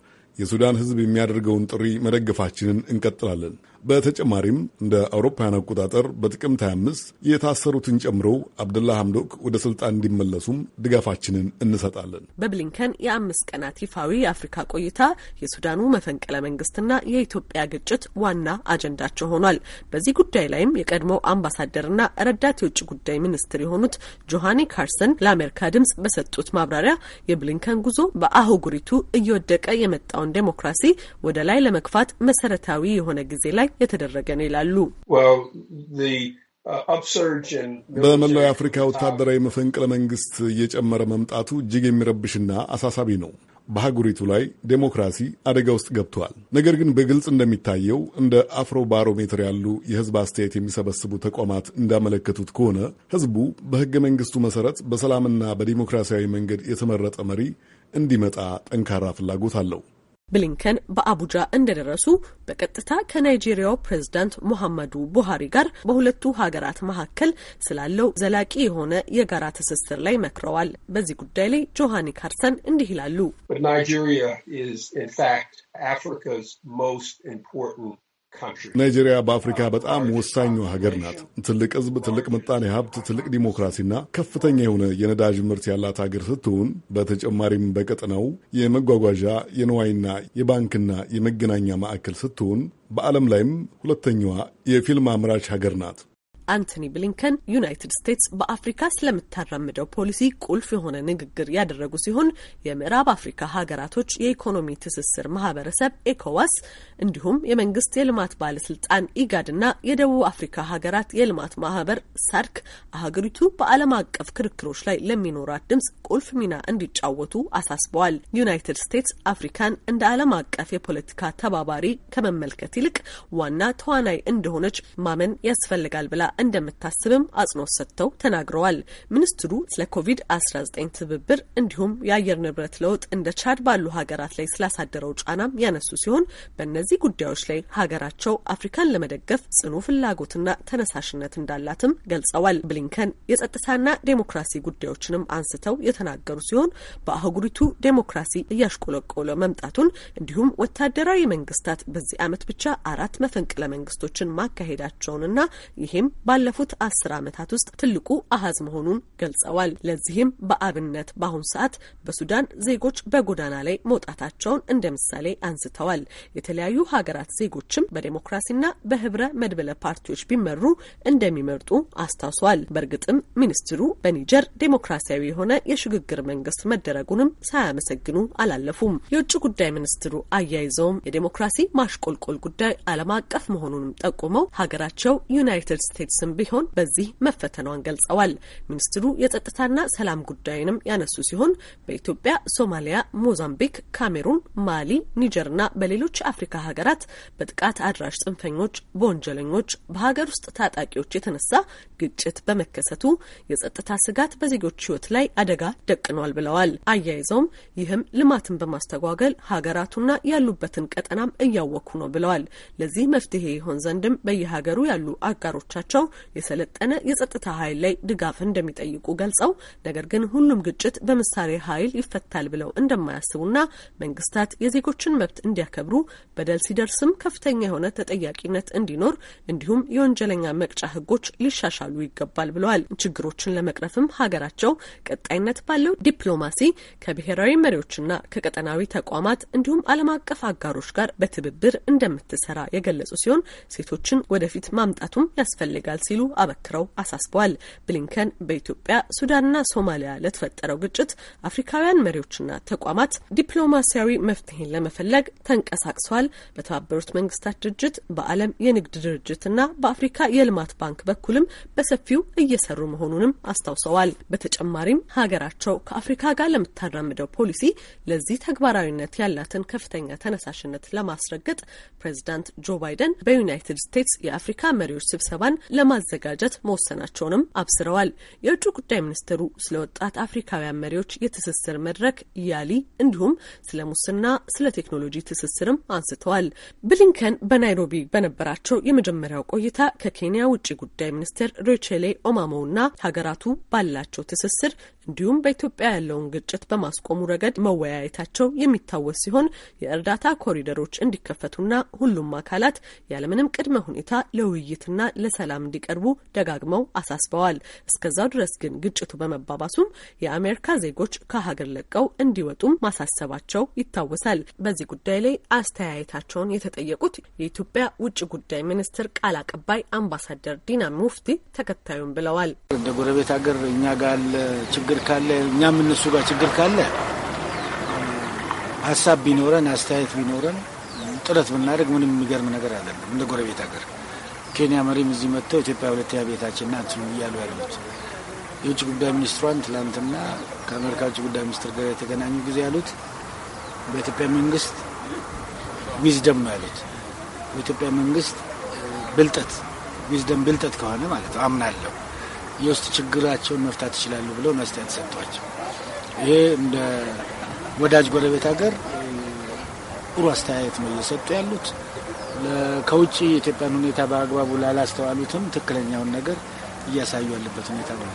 የሱዳን ሕዝብ የሚያደርገውን ጥሪ መደገፋችንን እንቀጥላለን። በተጨማሪም እንደ አውሮፓውያን አቆጣጠር በጥቅምት 25 የታሰሩትን ጨምሮ አብደላ ሐምዶክ ወደ ስልጣን እንዲመለሱም ድጋፋችንን እንሰጣለን። በብሊንከን የአምስት ቀናት ይፋዊ የአፍሪካ ቆይታ የሱዳኑ መፈንቅለ መንግስትና የኢትዮጵያ ግጭት ዋና አጀንዳቸው ሆኗል። በዚህ ጉዳይ ላይም የቀድሞው አምባሳደርና ረዳት የውጭ ጉዳይ ሚኒስትር የሆኑት ጆሃኒ ካርሰን ለአሜሪካ ድምጽ በሰጡት ማብራሪያ የብሊንከን ጉዞ በአህጉሪቱ እየወደቀ የመጣውን ዴሞክራሲ ወደ ላይ ለመግፋት መሰረታዊ የሆነ ጊዜ ላይ የተደረገ ነው ይላሉ። uh, በመላው የአፍሪካ ወታደራዊ መፈንቅለ መንግስት እየጨመረ መምጣቱ እጅግ የሚረብሽና አሳሳቢ ነው። በሀገሪቱ ላይ ዴሞክራሲ አደጋ ውስጥ ገብቷል። ነገር ግን በግልጽ እንደሚታየው እንደ አፍሮ ባሮሜትር ያሉ የህዝብ አስተያየት የሚሰበስቡ ተቋማት እንዳመለከቱት ከሆነ ህዝቡ በህገ መንግስቱ መሰረት በሰላምና በዲሞክራሲያዊ መንገድ የተመረጠ መሪ እንዲመጣ ጠንካራ ፍላጎት አለው። ብሊንከን በአቡጃ እንደደረሱ በቀጥታ ከናይጄሪያው ፕሬዝዳንት ሙሐመዱ ቡሃሪ ጋር በሁለቱ ሀገራት መካከል ስላለው ዘላቂ የሆነ የጋራ ትስስር ላይ መክረዋል። በዚህ ጉዳይ ላይ ጆሃኒ ካርሰን እንዲህ ይላሉ። ናይጄሪያ ኢዝ ኢን ፋክት አፍሪካስ ሞስት ኢምፖርታንት ናይጄሪያ በአፍሪካ uh, በጣም ወሳኙ ሀገር ናት። ትልቅ ህዝብ ትልቅ ምጣኔ ሀብት፣ ትልቅ ዲሞክራሲና ከፍተኛ የሆነ የነዳጅ ምርት ያላት ሀገር ስትሆን በተጨማሪም በቀጠናው የመጓጓዣ የንዋይና የባንክና የመገናኛ ማዕከል ስትሆን በዓለም ላይም ሁለተኛዋ የፊልም አምራች ሀገር ናት። አንቶኒ ብሊንከን ዩናይትድ ስቴትስ በአፍሪካ ስለምታራምደው ፖሊሲ ቁልፍ የሆነ ንግግር ያደረጉ ሲሆን የምዕራብ አፍሪካ ሀገራቶች የኢኮኖሚ ትስስር ማህበረሰብ ኤኮዋስ እንዲሁም የመንግስት የልማት ባለስልጣን ኢጋድና የደቡብ አፍሪካ ሀገራት የልማት ማህበር ሳርክ አህጉሪቱ በዓለም አቀፍ ክርክሮች ላይ ለሚኖራት ድምጽ ቁልፍ ሚና እንዲጫወቱ አሳስበዋል። ዩናይትድ ስቴትስ አፍሪካን እንደ ዓለም አቀፍ የፖለቲካ ተባባሪ ከመመልከት ይልቅ ዋና ተዋናይ እንደሆነች ማመን ያስፈልጋል ብላ እንደምታስብም አጽንኦት ሰጥተው ተናግረዋል። ሚኒስትሩ ስለ ኮቪድ-19 ትብብር እንዲሁም የአየር ንብረት ለውጥ እንደ ቻድ ባሉ ሀገራት ላይ ስላሳደረው ጫናም ያነሱ ሲሆን በእነዚህ ጉዳዮች ላይ ሀገራቸው አፍሪካን ለመደገፍ ጽኑ ፍላጎትና ተነሳሽነት እንዳላትም ገልጸዋል። ብሊንከን የጸጥታና ዴሞክራሲ ጉዳዮችንም አንስተው የተናገሩ ሲሆን በአህጉሪቱ ዴሞክራሲ እያሽቆለቆለ መምጣቱን እንዲሁም ወታደራዊ መንግስታት በዚህ ዓመት ብቻ አራት መፈንቅለ መንግስቶችን ማካሄዳቸውንና ይሄም ባለፉት አስር ዓመታት ውስጥ ትልቁ አሀዝ መሆኑን ገልጸዋል። ለዚህም በአብነት በአሁኑ ሰዓት በሱዳን ዜጎች በጎዳና ላይ መውጣታቸውን እንደ ምሳሌ አንስተዋል። የተለያዩ ሀገራት ዜጎችም በዴሞክራሲና በህብረ መድበለ ፓርቲዎች ቢመሩ እንደሚመርጡ አስታውሰዋል። በእርግጥም ሚኒስትሩ በኒጀር ዴሞክራሲያዊ የሆነ የሽግግር መንግስት መደረጉንም ሳያመሰግኑ አላለፉም። የውጭ ጉዳይ ሚኒስትሩ አያይዘውም የዴሞክራሲ ማሽቆልቆል ጉዳይ ዓለም አቀፍ መሆኑንም ጠቁመው ሀገራቸው ዩናይትድ ስቴትስ ስቴትስም ቢሆን በዚህ መፈተኗን ገልጸዋል። ሚኒስትሩ የጸጥታና ሰላም ጉዳይንም ያነሱ ሲሆን በኢትዮጵያ፣ ሶማሊያ፣ ሞዛምቢክ፣ ካሜሩን፣ ማሊ፣ ኒጀርና በሌሎች የአፍሪካ ሀገራት በጥቃት አድራሽ ጽንፈኞች፣ በወንጀለኞች፣ በሀገር ውስጥ ታጣቂዎች የተነሳ ግጭት በመከሰቱ የጸጥታ ስጋት በዜጎች ህይወት ላይ አደጋ ደቅኗል ብለዋል። አያይዘውም ይህም ልማትን በማስተጓገል ሀገራቱና ያሉበትን ቀጠናም እያወኩ ነው ብለዋል። ለዚህ መፍትሄ ይሆን ዘንድም በየሀገሩ ያሉ አጋሮቻቸው አስመልክተው የሰለጠነ የጸጥታ ኃይል ላይ ድጋፍ እንደሚጠይቁ ገልጸው ነገር ግን ሁሉም ግጭት በምሳሌ ኃይል ይፈታል ብለው እንደማያስቡና መንግስታት የዜጎችን መብት እንዲያከብሩ በደል ሲደርስም ከፍተኛ የሆነ ተጠያቂነት እንዲኖር እንዲሁም የወንጀለኛ መቅጫ ህጎች ሊሻሻሉ ይገባል ብለዋል። ችግሮችን ለመቅረፍም ሀገራቸው ቀጣይነት ባለው ዲፕሎማሲ ከብሔራዊ መሪዎችና ከቀጠናዊ ተቋማት እንዲሁም ዓለም አቀፍ አጋሮች ጋር በትብብር እንደምትሰራ የገለጹ ሲሆን ሴቶችን ወደፊት ማምጣቱም ያስፈልጋል ያደርጋል ሲሉ አበክረው አሳስበዋል። ብሊንከን በኢትዮጵያ ሱዳንና ሶማሊያ ለተፈጠረው ግጭት አፍሪካውያን መሪዎችና ተቋማት ዲፕሎማሲያዊ መፍትሄን ለመፈለግ ተንቀሳቅሰዋል። በተባበሩት መንግስታት ድርጅት፣ በዓለም የንግድ ድርጅትና በአፍሪካ የልማት ባንክ በኩልም በሰፊው እየሰሩ መሆኑንም አስታውሰዋል። በተጨማሪም ሀገራቸው ከአፍሪካ ጋር ለምታራምደው ፖሊሲ ለዚህ ተግባራዊነት ያላትን ከፍተኛ ተነሳሽነት ለማስረገጥ ፕሬዚዳንት ጆ ባይደን በዩናይትድ ስቴትስ የአፍሪካ መሪዎች ስብሰባን ለ ለማዘጋጀት መወሰናቸውንም አብስረዋል። የውጭ ጉዳይ ሚኒስትሩ ስለ ወጣት አፍሪካውያን መሪዎች የትስስር መድረክ ያሊ እንዲሁም ስለ ሙስና፣ ስለ ቴክኖሎጂ ትስስርም አንስተዋል። ብሊንከን በናይሮቢ በነበራቸው የመጀመሪያው ቆይታ ከኬንያ ውጭ ጉዳይ ሚኒስትር ሮቼሌ ኦማሞና ሀገራቱ ባላቸው ትስስር እንዲሁም በኢትዮጵያ ያለውን ግጭት በማስቆሙ ረገድ መወያየታቸው የሚታወስ ሲሆን የእርዳታ ኮሪደሮች እንዲከፈቱና ሁሉም አካላት ያለምንም ቅድመ ሁኔታ ለውይይትና ለሰላም እንዲቀርቡ ደጋግመው አሳስበዋል። እስከዛው ድረስ ግን ግጭቱ በመባባሱም የአሜሪካ ዜጎች ከሀገር ለቀው እንዲወጡም ማሳሰባቸው ይታወሳል። በዚህ ጉዳይ ላይ አስተያየታቸውን የተጠየቁት የኢትዮጵያ ውጭ ጉዳይ ሚኒስትር ቃል አቀባይ አምባሳደር ዲና ሙፍቲ ተከታዩም ብለዋል። እንደ ጎረቤት ሀገር እኛ ጋር ችግር ካለ እኛም እነሱ ጋር ችግር ካለ ሀሳብ ቢኖረን አስተያየት ቢኖረን ጥረት ብናደርግ ምንም የሚገርም ነገር አይደለም። እንደ ጎረቤት ሀገር ኬንያ መሪም እዚህ መጥተው ኢትዮጵያ ሁለተኛ ቤታችን ናት እያሉ ያሉት የውጭ ጉዳይ ሚኒስትሯን ትላንትና ከአሜሪካ ውጭ ጉዳይ ሚኒስትር ጋር የተገናኙ ጊዜ ያሉት በኢትዮጵያ መንግስት ዊዝደም ነው ያሉት። በኢትዮጵያ መንግስት ብልጠት ዊዝደም ብልጠት ከሆነ ማለት ነው አምናለሁ የውስጥ ችግራቸውን መፍታት ይችላሉ ብለው ነው አስተያየት ሰጥቷቸው። ይሄ እንደ ወዳጅ ጎረቤት ሀገር ጥሩ አስተያየት ነው እየሰጡ ያሉት። ከውጭ የኢትዮጵያን ሁኔታ በአግባቡ ላላስተዋሉትም ትክክለኛውን ነገር እያሳዩ ያለበት ሁኔታ ነው።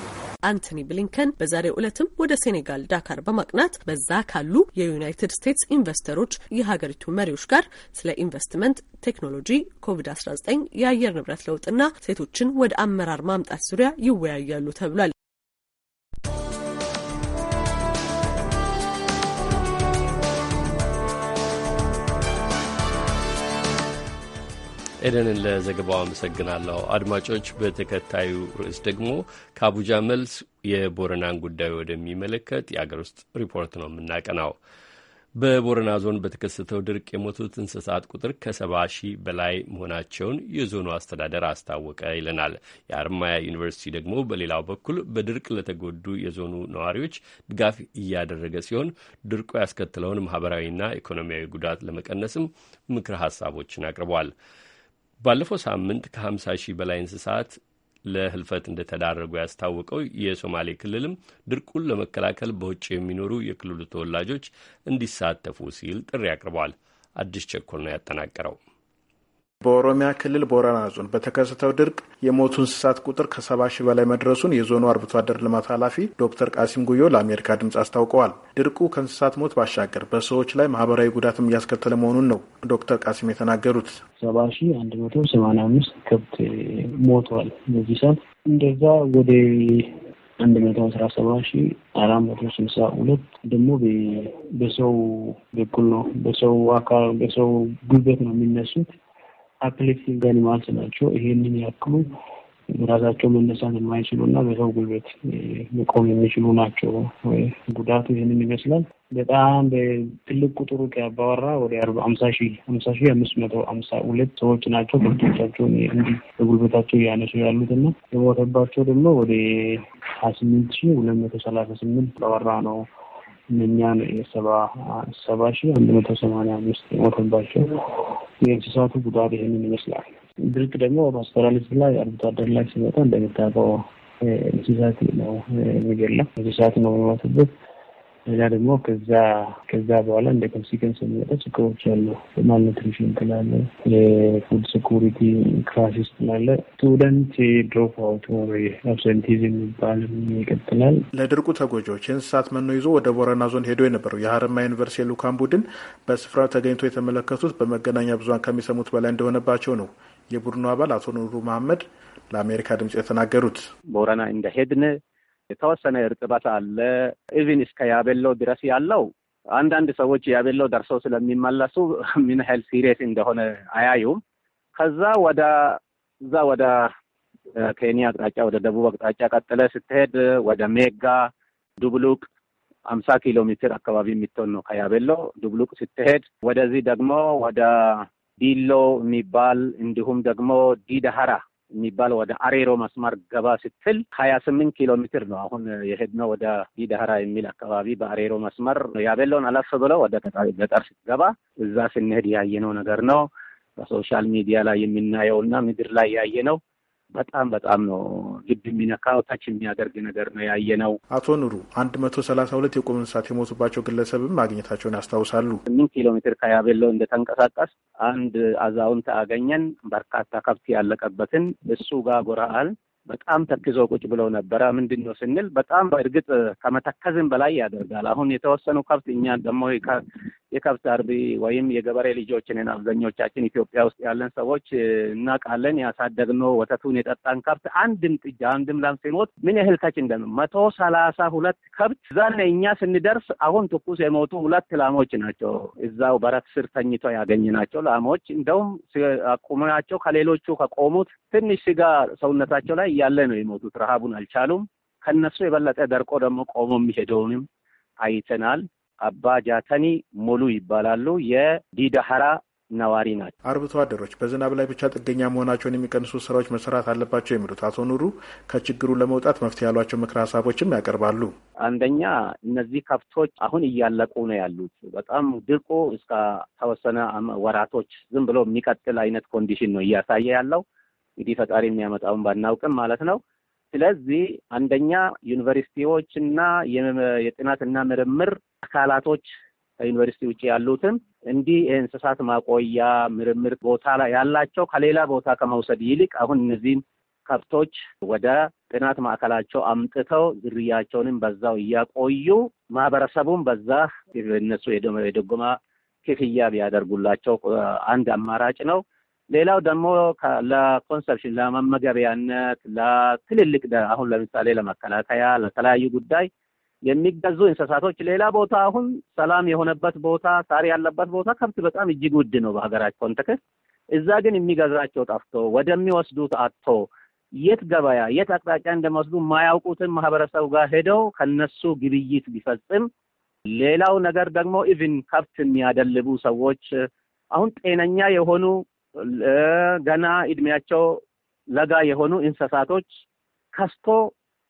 አንቶኒ ብሊንከን በዛሬው ዕለትም ወደ ሴኔጋል ዳካር በማቅናት በዛ ካሉ የዩናይትድ ስቴትስ ኢንቨስተሮች፣ የሀገሪቱ መሪዎች ጋር ስለ ኢንቨስትመንት ቴክኖሎጂ፣ ኮቪድ-19፣ የአየር ንብረት ለውጥና ሴቶችን ወደ አመራር ማምጣት ዙሪያ ይወያያሉ ተብሏል። ኤደንን ለዘገባው አመሰግናለሁ። አድማጮች፣ በተከታዩ ርዕስ ደግሞ ከአቡጃ መልስ የቦረናን ጉዳይ ወደሚመለከት የአገር ውስጥ ሪፖርት ነው የምናቀናው። በቦረና ዞን በተከሰተው ድርቅ የሞቱት እንስሳት ቁጥር ከሰባ ሺህ በላይ መሆናቸውን የዞኑ አስተዳደር አስታወቀ ይለናል። የአርማያ ዩኒቨርሲቲ ደግሞ በሌላው በኩል በድርቅ ለተጎዱ የዞኑ ነዋሪዎች ድጋፍ እያደረገ ሲሆን ድርቁ ያስከትለውን ማህበራዊና ኢኮኖሚያዊ ጉዳት ለመቀነስም ምክረ ሀሳቦችን አቅርቧል። ባለፈው ሳምንት ከ50 ሺህ በላይ እንስሳት ለህልፈት እንደተዳረጉ ያስታወቀው የሶማሌ ክልልም ድርቁን ለመከላከል በውጭ የሚኖሩ የክልሉ ተወላጆች እንዲሳተፉ ሲል ጥሪ አቅርቧል። አዲስ ቸኮል ነው ያጠናቀረው። በኦሮሚያ ክልል ቦረና ዞን በተከሰተው ድርቅ የሞቱ እንስሳት ቁጥር ከሰባ ሺህ በላይ መድረሱን የዞኑ አርብቶ አደር ልማት ኃላፊ ዶክተር ቃሲም ጉዮ ለአሜሪካ ድምፅ አስታውቀዋል። ድርቁ ከእንስሳት ሞት ባሻገር በሰዎች ላይ ማህበራዊ ጉዳትም እያስከተለ መሆኑን ነው ዶክተር ቃሲም የተናገሩት። ሰባ ሺህ አንድ መቶ ሰማንያ አምስት ከብት ሞቷል። በዚህ ሰዓት እንደዛ ወደ አንድ መቶ አስራ ሺ አራት መቶ ስልሳ ሁለት ደግሞ በሰው በኩል ነው። በሰው አካል በሰው ጉልበት ነው የሚነሱት አፕሌክሲንግ አኒማልስ ናቸው። ይሄንን ያክሉ ራሳቸው መነሳት የማይችሉ እና በሰው ጉልበት መቆም የሚችሉ ናቸው። ጉዳቱ ይህንን ይመስላል። በጣም በትልቅ ቁጥሩ ያባወራ ወደ አርባ አምሳ ሺ አምሳ ሺ አምስት መቶ አምሳ ሁለት ሰዎች ናቸው ከብቶቻቸውን እንዲህ በጉልበታቸው እያነሱ ያሉት እና የሞተባቸው ደግሞ ወደ ሀያ ስምንት ሺ ሁለት መቶ ሰላሳ ስምንት አባወራ ነው። እነኛን የሰባ ሰባ ሺህ አንድ መቶ ሰማንያ አምስት የሞተባቸው የእንስሳቱ ጉዳት ይህንን ይመስላል። ድርቅ ደግሞ ፓስቶራሊስት ላይ አርብቶ አደር ላይ ሲመጣ እንደሚታወቀው እንስሳት ነው የሚገላ እንስሳት ነው የሚሞትበት ሌላ ደግሞ ከዛ ከዛ በኋላ እንደ ኮንሲኩንስ የሚመጣ ችግሮች አሉ። ማልኒትሪሽን ትላለ፣ የፉድ ሴኩሪቲ ክራይሲስ ትላለ፣ ስቱደንት ድሮፕ አውት ወይ አብሰንቲዝም የሚባል ይቀጥላል። ለድርቁ ተጎጂዎች የእንስሳት መኖ ይዞ ወደ ቦረና ዞን ሄዶ የነበረው የሀረማ ዩኒቨርሲቲ የልኡካን ቡድን በስፍራው ተገኝቶ የተመለከቱት በመገናኛ ብዙኃን ከሚሰሙት በላይ እንደሆነባቸው ነው የቡድኑ አባል አቶ ኑሩ መሀመድ ለአሜሪካ ድምጽ የተናገሩት። ቦረና እንደሄድን የተወሰነ እርጥበት አለ። ኢቭን እስከ ያቤሎ ድረስ ያለው አንዳንድ ሰዎች ያቤሎ ደርሶ ስለሚመለሱ ምን ያህል ሲሪየስ እንደሆነ አያዩም። ከዛ ወደ እዛ ወደ ኬንያ አቅጣጫ ወደ ደቡብ አቅጣጫ ቀጥለ ስትሄድ ወደ ሜጋ ዱብሉቅ አምሳ ኪሎ ሜትር አካባቢ የሚትሆን ነው ከያቤሎ ዱብሉቅ ስትሄድ፣ ወደዚህ ደግሞ ወደ ዲሎ የሚባል እንዲሁም ደግሞ ዲዳሃራ የሚባል ወደ አሬሮ መስመር ገባ ስትል ሀያ ስምንት ኪሎ ሜትር ነው። አሁን የሄድነው ወደ ሂደህራ የሚል አካባቢ በአሬሮ መስመር ያቤለውን አለፍ ብለው ወደ ገጠር ስትገባ እዛ ስንሄድ ያየነው ነገር ነው። በሶሻል ሚዲያ ላይ የምናየውና ምድር ላይ ያየነው በጣም በጣም ነው ልብ የሚነካው ታች የሚያደርግ ነገር ነው ያየነው። አቶ ኑሩ አንድ መቶ ሰላሳ ሁለት የቁም እንስሳት የሞቱባቸው ግለሰብም ማግኘታቸውን ያስታውሳሉ። ስምንት ኪሎ ሜትር ከያቤለው እንደተንቀሳቀስ አንድ አዛውንት አገኘን። በርካታ ከብት ያለቀበትን እሱ ጋር ጎራአል በጣም ተክዞ ቁጭ ብለው ነበረ። ምንድን ነው ስንል በጣም በእርግጥ ከመተከዝም በላይ ያደርጋል። አሁን የተወሰኑ ከብት እኛ ደግሞ የከብት አርቢ ወይም የገበሬ ልጆችንን አብዛኞቻችን ኢትዮጵያ ውስጥ ያለን ሰዎች እናውቃለን። ያሳደግነው ወተቱን የጠጣን ከብት አንድም ጥጃ አንድም ላም ሲሞት ምን ያህል ታች እንደም መቶ ሰላሳ ሁለት ከብት እዛን እኛ ስንደርስ አሁን ትኩስ የሞቱ ሁለት ላሞች ናቸው። እዛው በረት ስር ተኝቶ ናቸው ላሞች እንደውም አቁመናቸው ከሌሎቹ ከቆሙት ትንሽ ስጋ ሰውነታቸው ላይ ያለ ነው የሞቱት። ረሃቡን አልቻሉም። ከነሱ የበለጠ ደርቆ ደግሞ ቆሞ የሚሄደውንም አይተናል። አባ ጃተኒ ሙሉ ይባላሉ። የዲዳሐራ ነዋሪ ናቸው። አርብቶ አደሮች በዝናብ ላይ ብቻ ጥገኛ መሆናቸውን የሚቀንሱ ስራዎች መሰራት አለባቸው የሚሉት አቶ ኑሩ ከችግሩ ለመውጣት መፍትሄ ያሏቸው ምክር ሀሳቦችም ያቀርባሉ። አንደኛ እነዚህ ከብቶች አሁን እያለቁ ነው ያሉት። በጣም ድርቁ እስከ ተወሰነ ወራቶች ዝም ብሎ የሚቀጥል አይነት ኮንዲሽን ነው እያሳየ ያለው። እንግዲህ ፈጣሪ የሚያመጣውን ባናውቅም ማለት ነው። ስለዚህ አንደኛ ዩኒቨርሲቲዎች እና የጥናትና ምርምር አካላቶች ከዩኒቨርሲቲ ውጭ ያሉትን እንዲህ የእንስሳት ማቆያ ምርምር ቦታ ላይ ያላቸው ከሌላ ቦታ ከመውሰድ ይልቅ አሁን እነዚህም ከብቶች ወደ ጥናት ማዕከላቸው አምጥተው ዝርያቸውንም በዛው እያቆዩ ማህበረሰቡም በዛ እነሱ የደጎማ ክፍያ ቢያደርጉላቸው አንድ አማራጭ ነው። ሌላው ደግሞ ለኮንሰፕሽን ለመመገቢያነት፣ ለትልልቅ አሁን ለምሳሌ ለመከላከያ፣ ለተለያዩ ጉዳይ የሚገዙ እንስሳቶች ሌላ ቦታ አሁን ሰላም የሆነበት ቦታ ሳር ያለበት ቦታ ከብት በጣም እጅግ ውድ ነው በሀገራችን ኮንቴክስት። እዛ ግን የሚገዛቸው ጠፍቶ ወደሚወስዱት አጥቶ የት ገበያ የት አቅጣጫ እንደሚወስዱ የማያውቁትን ማህበረሰቡ ጋር ሄደው ከነሱ ግብይት ቢፈጽም፣ ሌላው ነገር ደግሞ ኢቭን ከብት የሚያደልቡ ሰዎች አሁን ጤነኛ የሆኑ ገና እድሜያቸው ለጋ የሆኑ እንስሳቶች ከስቶ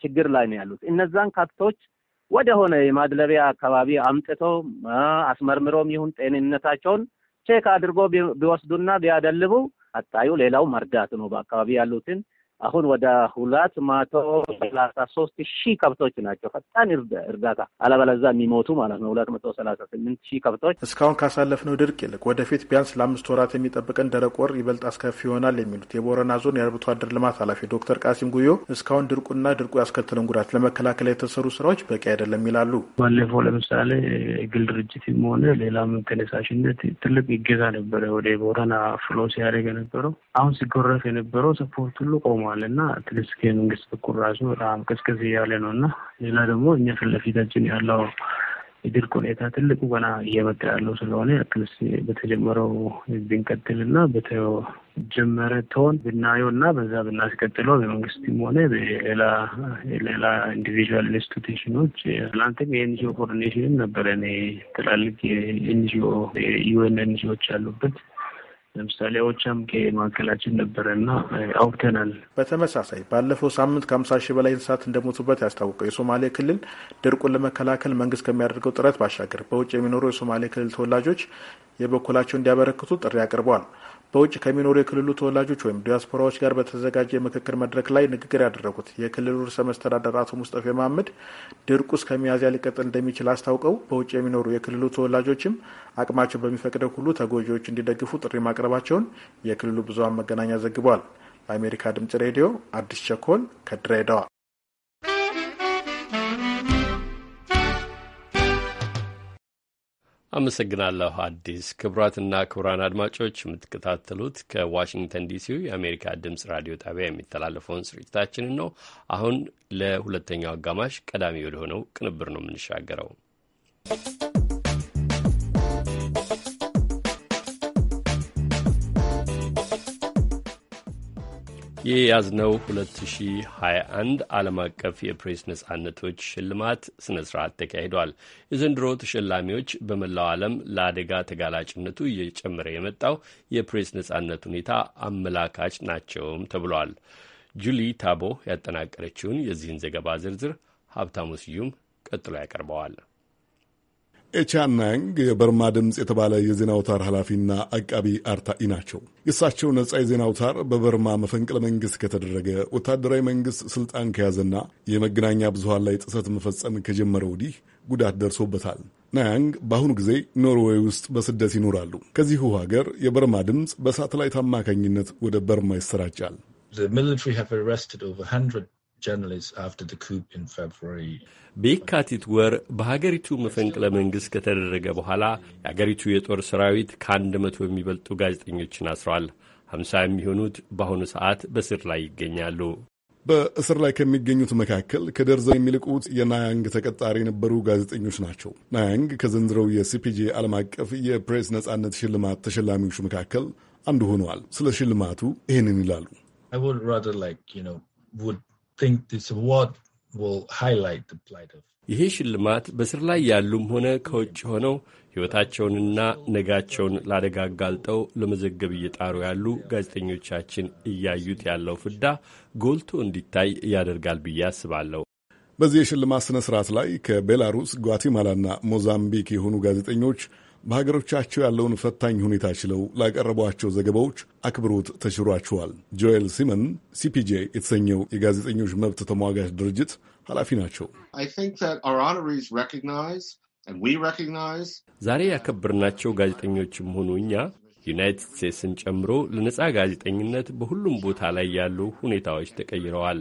ችግር ላይ ነው ያሉት። እነዛን ከብቶች ወደ ሆነ የማድለቢያ አካባቢ አምጥቶ አስመርምሮም ይሁን ጤንነታቸውን ቼክ አድርጎ ቢወስዱና ቢያደልቡ አጣዩ ሌላው መርዳት ነው። በአካባቢ ያሉትን አሁን ወደ ሁለት መቶ ሰላሳ ሶስት ሺህ ከብቶች ናቸው ፈጣን እርዳታ አለበለዛ የሚሞቱ ማለት ነው። ሁለት መቶ ሰላሳ ስምንት ሺህ ከብቶች እስካሁን ካሳለፍነው ድርቅ ይልቅ ወደፊት ቢያንስ ለአምስት ወራት የሚጠብቀን ደረቅ ወር ይበልጥ አስከፊ ይሆናል የሚሉት የቦረና ዞን የአርብቶ አደር ልማት ኃላፊ ዶክተር ቃሲም ጉዮ እስካሁን ድርቁና ድርቁ ያስከተለውን ጉዳት ለመከላከል የተሰሩ ስራዎች በቂ አይደለም ይላሉ። ባለፈው ለምሳሌ የግል ድርጅትም ሆነ ሌላም ተነሳሽነት ትልቅ ይገዛ ነበረ ወደ ቦረና ፍሎ ሲያደግ የነበረው አሁን ሲጎረፍ የነበረው ሰፖርት ሁሉ ቆሟል። ቆሟል እና ትልስ የመንግስት በኩል ራሱ በጣም ቀዝቀዝ እያለ ነው እና ሌላ ደግሞ እኛ ፊት ለፊታችን ያለው የድርቅ ሁኔታ ትልቁ ገና እየመጣ ያለው ስለሆነ ትልስ በተጀመረው ብንቀጥል እና በተጀመረ ተሆን ብናየው እና በዛ ብናስቀጥለው በመንግስትም ሆነ ሌላ ሌላ ኢንዲቪዥዋል ኢንስቲቱሽኖች ትላንትም የኤንጂኦ ኮኦርዲኔሽንም ነበረ ትላልቅ የኤንጂኦ ዩኤን ኤንጂኦዎች ያሉበት ለምሳሌ ኦቻም ከማዕከላችን ነበረ እና በተመሳሳይ ባለፈው ሳምንት ከሀምሳ ሺህ በላይ እንስሳት እንደሞቱበት ያስታወቀው የሶማሌ ክልል ድርቁን ለመከላከል መንግስት ከሚያደርገው ጥረት ባሻገር በውጭ የሚኖሩ የሶማሌ ክልል ተወላጆች የበኩላቸው እንዲያበረክቱ ጥሪ አቅርበዋል። በውጭ ከሚኖሩ የክልሉ ተወላጆች ወይም ዲያስፖራዎች ጋር በተዘጋጀ የምክክር መድረክ ላይ ንግግር ያደረጉት የክልሉ ርዕሰ መስተዳደር አቶ ሙስጠፌ መሀመድ ድርቁ እስከ ሚያዝያ ሊቀጥል እንደሚችል አስታውቀው በውጭ የሚኖሩ የክልሉ ተወላጆችም አቅማቸው በሚፈቅደው ሁሉ ተጎጂዎች እንዲደግፉ ጥሪ ማቅረባቸውን የክልሉ ብዙሀን መገናኛ ዘግበዋል። ለአሜሪካ ድምጽ ሬዲዮ አዲስ ቸኮል ከድሬዳዋ አመሰግናለሁ አዲስ። ክቡራትና ክቡራን አድማጮች የምትከታተሉት ከዋሽንግተን ዲሲው የአሜሪካ ድምፅ ራዲዮ ጣቢያ የሚተላለፈውን ስርጭታችንን ነው። አሁን ለሁለተኛው አጋማሽ ቀዳሚ ወደሆነው ቅንብር ነው የምንሻገረው። የያዝነው 2021 ዓለም አቀፍ የፕሬስ ነጻነቶች ሽልማት ስነ ስርዓት ተካሂዷል። የዘንድሮ ተሸላሚዎች በመላው ዓለም ለአደጋ ተጋላጭነቱ እየጨመረ የመጣው የፕሬስ ነጻነት ሁኔታ አመላካች ናቸውም ተብሏል። ጁሊ ታቦ ያጠናቀረችውን የዚህን ዘገባ ዝርዝር ሀብታሙ ስዩም ቀጥሎ ያቀርበዋል። ኤቻናንግ የበርማ ድምፅ የተባለ የዜና አውታር ኃላፊና አቃቢ አርታኢ ናቸው። የእሳቸው ነጻ የዜና አውታር በበርማ መፈንቅለ መንግስት ከተደረገ ወታደራዊ መንግስት ስልጣን ከያዘና የመገናኛ ብዙሃን ላይ ጥሰት መፈጸም ከጀመረ ወዲህ ጉዳት ደርሶበታል። ናያንግ በአሁኑ ጊዜ ኖርዌይ ውስጥ በስደት ይኖራሉ። ከዚሁ ሀገር የበርማ ድምፅ በሳተላይት አማካኝነት ወደ በርማ ይሰራጫል። The military have arrested over 100 በየካቲት ወር በሀገሪቱ መፈንቅለ መንግሥት ከተደረገ በኋላ የአገሪቱ የጦር ሰራዊት ከአንድ መቶ የሚበልጡ ጋዜጠኞችን አስሯል። ሀምሳ የሚሆኑት በአሁኑ ሰዓት በስር ላይ ይገኛሉ። በእስር ላይ ከሚገኙት መካከል ከደርዘን የሚልቁት የናያንግ ተቀጣሪ የነበሩ ጋዜጠኞች ናቸው። ናያንግ ከዘንድሮው የሲፒጂ ዓለም አቀፍ የፕሬስ ነጻነት ሽልማት ተሸላሚዎች መካከል አንዱ ሆነዋል። ስለ ሽልማቱ ይህንን ይላሉ። ይሄ ሽልማት በስር ላይ ያሉም ሆነ ከውጭ ሆነው ሕይወታቸውንና ነጋቸውን ላደጋ አጋልጠው ለመዘገብ እየጣሩ ያሉ ጋዜጠኞቻችን እያዩት ያለው ፍዳ ጎልቶ እንዲታይ ያደርጋል ብዬ አስባለሁ። በዚህ የሽልማት ሥነ ሥርዓት ላይ ከቤላሩስ ጓቲማላና ሞዛምቢክ የሆኑ ጋዜጠኞች በሀገሮቻቸው ያለውን ፈታኝ ሁኔታ ችለው ላቀረቧቸው ዘገባዎች አክብሮት ተሽሯቸዋል። ጆኤል ሲመን ሲፒጄ የተሰኘው የጋዜጠኞች መብት ተሟጋች ድርጅት ኃላፊ ናቸው። ዛሬ ያከበርናቸው ጋዜጠኞችም ሆኑ እኛ ዩናይትድ ስቴትስን ጨምሮ ለነጻ ጋዜጠኝነት በሁሉም ቦታ ላይ ያሉ ሁኔታዎች ተቀይረዋል።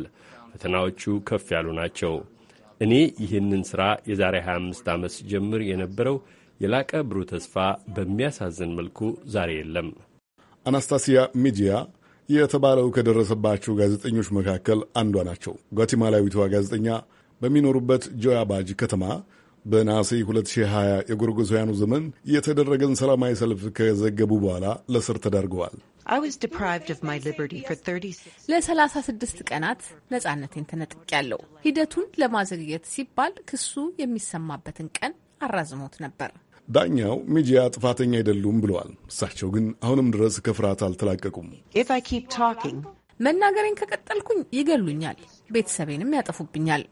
ፈተናዎቹ ከፍ ያሉ ናቸው። እኔ ይህንን ሥራ የዛሬ 25 ዓመት ጀምር የነበረው የላቀ ብሩህ ተስፋ በሚያሳዝን መልኩ ዛሬ የለም። አናስታሲያ ሚዲያ የተባለው ከደረሰባቸው ጋዜጠኞች መካከል አንዷ ናቸው። ጓቲማላዊቷ ጋዜጠኛ በሚኖሩበት ጆያባጅ ከተማ በነሐሴ 2020 የጎርጎሳውያኑ ዘመን የተደረገን ሰላማዊ ሰልፍ ከዘገቡ በኋላ ለስር ተዳርገዋል። ለ36 ቀናት ነጻነቴን ተነጥቄያለሁ። ሂደቱን ለማዘግየት ሲባል ክሱ የሚሰማበትን ቀን አራዝሞት ነበር። ዳኛው ሚዲያ ጥፋተኛ አይደሉም ብለዋል። እሳቸው ግን አሁንም ድረስ ከፍርሃት አልተላቀቁም። መናገሬን ከቀጠልኩኝ ይገሉኛል፣ ቤተሰቤንም ያጠፉብኛል።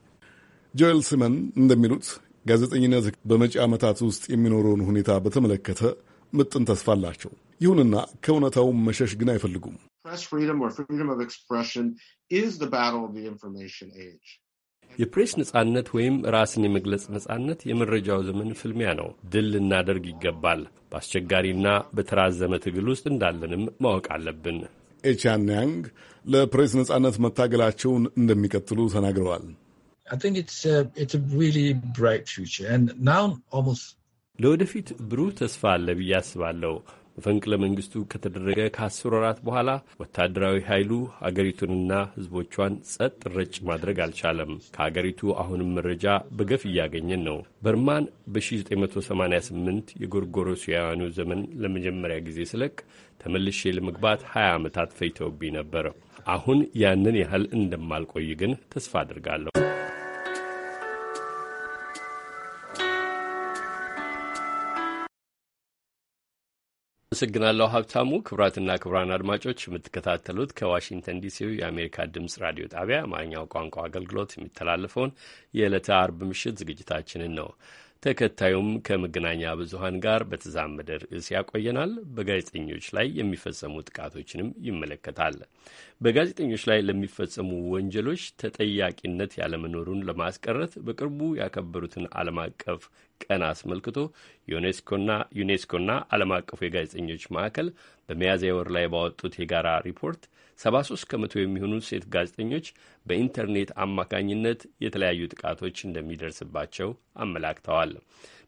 ጆኤል ሲመን እንደሚሉት ጋዜጠኝነት በመጪ ዓመታት ውስጥ የሚኖረውን ሁኔታ በተመለከተ ምጥን ተስፋ አላቸው። ይሁንና ከእውነታው መሸሽ ግን አይፈልጉም። የፕሬስ ነጻነት ወይም ራስን የመግለጽ ነጻነት የመረጃው ዘመን ፍልሚያ ነው። ድል ልናደርግ ይገባል። በአስቸጋሪና በተራዘመ ትግል ውስጥ እንዳለንም ማወቅ አለብን። ኤቻን ያንግ ለፕሬስ ነጻነት መታገላቸውን እንደሚቀጥሉ ተናግረዋል። uh, ለወደፊት ብሩህ ተስፋ አለ ብዬ አስባለሁ። መፈንቅለ መንግስቱ ከተደረገ ከአስር ወራት በኋላ ወታደራዊ ኃይሉ አገሪቱንና ህዝቦቿን ጸጥ ረጭ ማድረግ አልቻለም። ከአገሪቱ አሁንም መረጃ በገፍ እያገኘን ነው። በርማን በ1988 የጎርጎሮሳውያኑ ዘመን ለመጀመሪያ ጊዜ ስለቅ ተመልሼ ለመግባት 20 ዓመታት ፈይተውብኝ ነበር። አሁን ያንን ያህል እንደማልቆይ ግን ተስፋ አድርጋለሁ። አመሰግናለሁ ሀብታሙ። ክቡራትና ክቡራን አድማጮች የምትከታተሉት ከዋሽንግተን ዲሲው የአሜሪካ ድምጽ ራዲዮ ጣቢያ አማርኛው ቋንቋ አገልግሎት የሚተላለፈውን የዕለተ አርብ ምሽት ዝግጅታችንን ነው። ተከታዩም ከመገናኛ ብዙሀን ጋር በተዛመደ ርዕስ ያቆየናል። በጋዜጠኞች ላይ የሚፈጸሙ ጥቃቶችንም ይመለከታል። በጋዜጠኞች ላይ ለሚፈጸሙ ወንጀሎች ተጠያቂነት ያለመኖሩን ለማስቀረት በቅርቡ ያከበሩትን ዓለም አቀፍ ቀን አስመልክቶ ዩኔስኮና ዓለም አቀፉ የጋዜጠኞች ማዕከል በሚያዝያ ወር ላይ ባወጡት የጋራ ሪፖርት 73 ከመቶ የሚሆኑ ሴት ጋዜጠኞች በኢንተርኔት አማካኝነት የተለያዩ ጥቃቶች እንደሚደርስባቸው አመላክተዋል።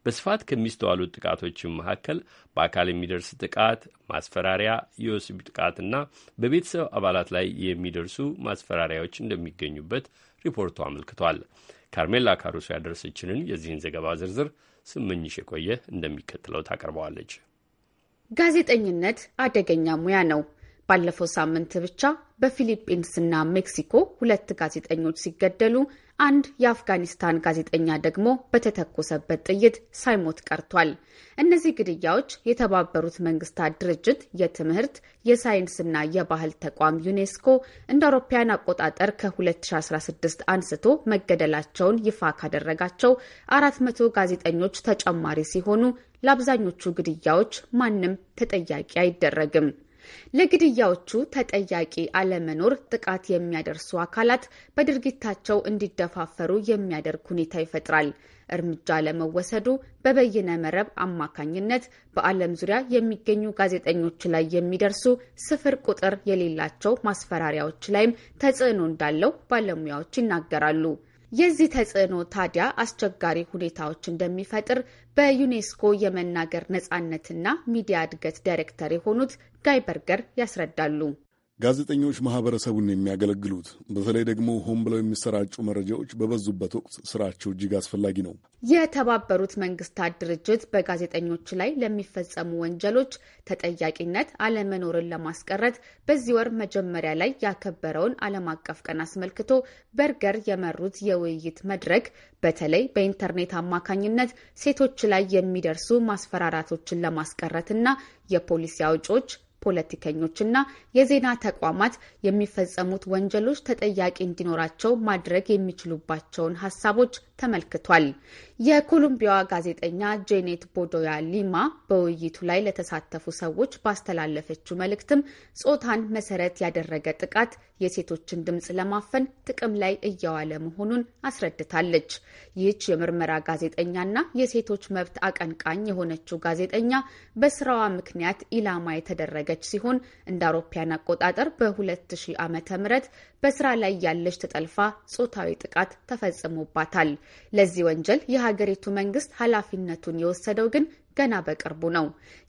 በስፋት ከሚስተዋሉት ጥቃቶችም መካከል በአካል የሚደርስ ጥቃት፣ ማስፈራሪያ፣ የወሲብ ጥቃትና በቤተሰብ አባላት ላይ የሚደርሱ ማስፈራሪያዎች እንደሚገኙበት ሪፖርቱ አመልክቷል። ካርሜላ ካሩሶ ያደረሰችንን የዚህን ዘገባ ዝርዝር ስመኝሽ የቆየ እንደሚከተለው ታቀርበዋለች። ጋዜጠኝነት አደገኛ ሙያ ነው። ባለፈው ሳምንት ብቻ በፊሊፒንስና ሜክሲኮ ሁለት ጋዜጠኞች ሲገደሉ አንድ የአፍጋኒስታን ጋዜጠኛ ደግሞ በተተኮሰበት ጥይት ሳይሞት ቀርቷል። እነዚህ ግድያዎች የተባበሩት መንግስታት ድርጅት የትምህርት የሳይንስና የባህል ተቋም ዩኔስኮ እንደ አውሮፓውያን አቆጣጠር ከ2016 አንስቶ መገደላቸውን ይፋ ካደረጋቸው 400 ጋዜጠኞች ተጨማሪ ሲሆኑ ለአብዛኞቹ ግድያዎች ማንም ተጠያቂ አይደረግም። ለግድያዎቹ ተጠያቂ አለመኖር ጥቃት የሚያደርሱ አካላት በድርጊታቸው እንዲደፋፈሩ የሚያደርግ ሁኔታ ይፈጥራል። እርምጃ ለመወሰዱ በበይነ መረብ አማካኝነት በዓለም ዙሪያ የሚገኙ ጋዜጠኞች ላይ የሚደርሱ ስፍር ቁጥር የሌላቸው ማስፈራሪያዎች ላይም ተጽዕኖ እንዳለው ባለሙያዎች ይናገራሉ። የዚህ ተጽዕኖ ታዲያ አስቸጋሪ ሁኔታዎች እንደሚፈጥር በዩኔስኮ የመናገር ነጻነትና ሚዲያ እድገት ዳይሬክተር የሆኑት ጋይበርገር ያስረዳሉ። ጋዜጠኞች ማህበረሰቡን የሚያገለግሉት በተለይ ደግሞ ሆን ብለው የሚሰራጩ መረጃዎች በበዙበት ወቅት ስራቸው እጅግ አስፈላጊ ነው። የተባበሩት መንግስታት ድርጅት በጋዜጠኞች ላይ ለሚፈጸሙ ወንጀሎች ተጠያቂነት አለመኖርን ለማስቀረት በዚህ ወር መጀመሪያ ላይ ያከበረውን ዓለም አቀፍ ቀን አስመልክቶ በርገር የመሩት የውይይት መድረክ በተለይ በኢንተርኔት አማካኝነት ሴቶች ላይ የሚደርሱ ማስፈራራቶችን ለማስቀረት እና የፖሊሲ አውጪዎች ፖለቲከኞችና የዜና ተቋማት የሚፈጸሙት ወንጀሎች ተጠያቂ እንዲኖራቸው ማድረግ የሚችሉባቸውን ሀሳቦች ተመልክቷል። የኮሎምቢያዋ ጋዜጠኛ ጄኔት ቦዶያ ሊማ በውይይቱ ላይ ለተሳተፉ ሰዎች ባስተላለፈችው መልእክትም ጾታን መሰረት ያደረገ ጥቃት የሴቶችን ድምፅ ለማፈን ጥቅም ላይ እየዋለ መሆኑን አስረድታለች። ይህች የምርመራ ጋዜጠኛና የሴቶች መብት አቀንቃኝ የሆነችው ጋዜጠኛ በስራዋ ምክንያት ኢላማ የተደረገች ሲሆን እንደ አውሮፓያን አቆጣጠር በ2000 ዓ.ም በስራ ላይ ያለች ተጠልፋ ጾታዊ ጥቃት ተፈጽሞባታል። ለዚህ ወንጀል የሀገሪቱ መንግስት ኃላፊነቱን የወሰደው ግን ገና በቅርቡ ነው።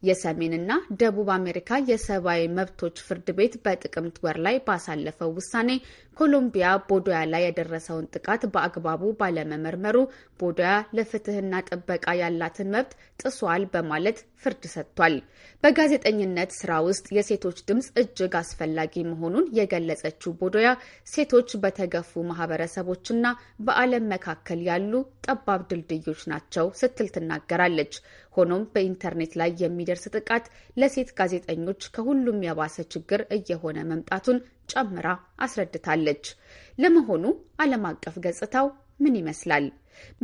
የሰሜንና ደቡብ አሜሪካ የሰብአዊ መብቶች ፍርድ ቤት በጥቅምት ወር ላይ ባሳለፈው ውሳኔ ኮሎምቢያ ቦዶያ ላይ የደረሰውን ጥቃት በአግባቡ ባለመመርመሩ ቦዶያ ለፍትህና ጥበቃ ያላትን መብት ጥሷል በማለት ፍርድ ሰጥቷል። በጋዜጠኝነት ስራ ውስጥ የሴቶች ድምፅ እጅግ አስፈላጊ መሆኑን የገለጸችው ቦዶያ ሴቶች በተገፉ ማህበረሰቦችና በዓለም መካከል ያሉ ጠባብ ድልድዮች ናቸው ስትል ትናገራለች። ሆኖም በኢንተርኔት ላይ የሚደርስ ጥቃት ለሴት ጋዜጠኞች ከሁሉም ያባሰ ችግር እየሆነ መምጣቱን ጨምራ አስረድታለች። ለመሆኑ ዓለም አቀፍ ገጽታው ምን ይመስላል?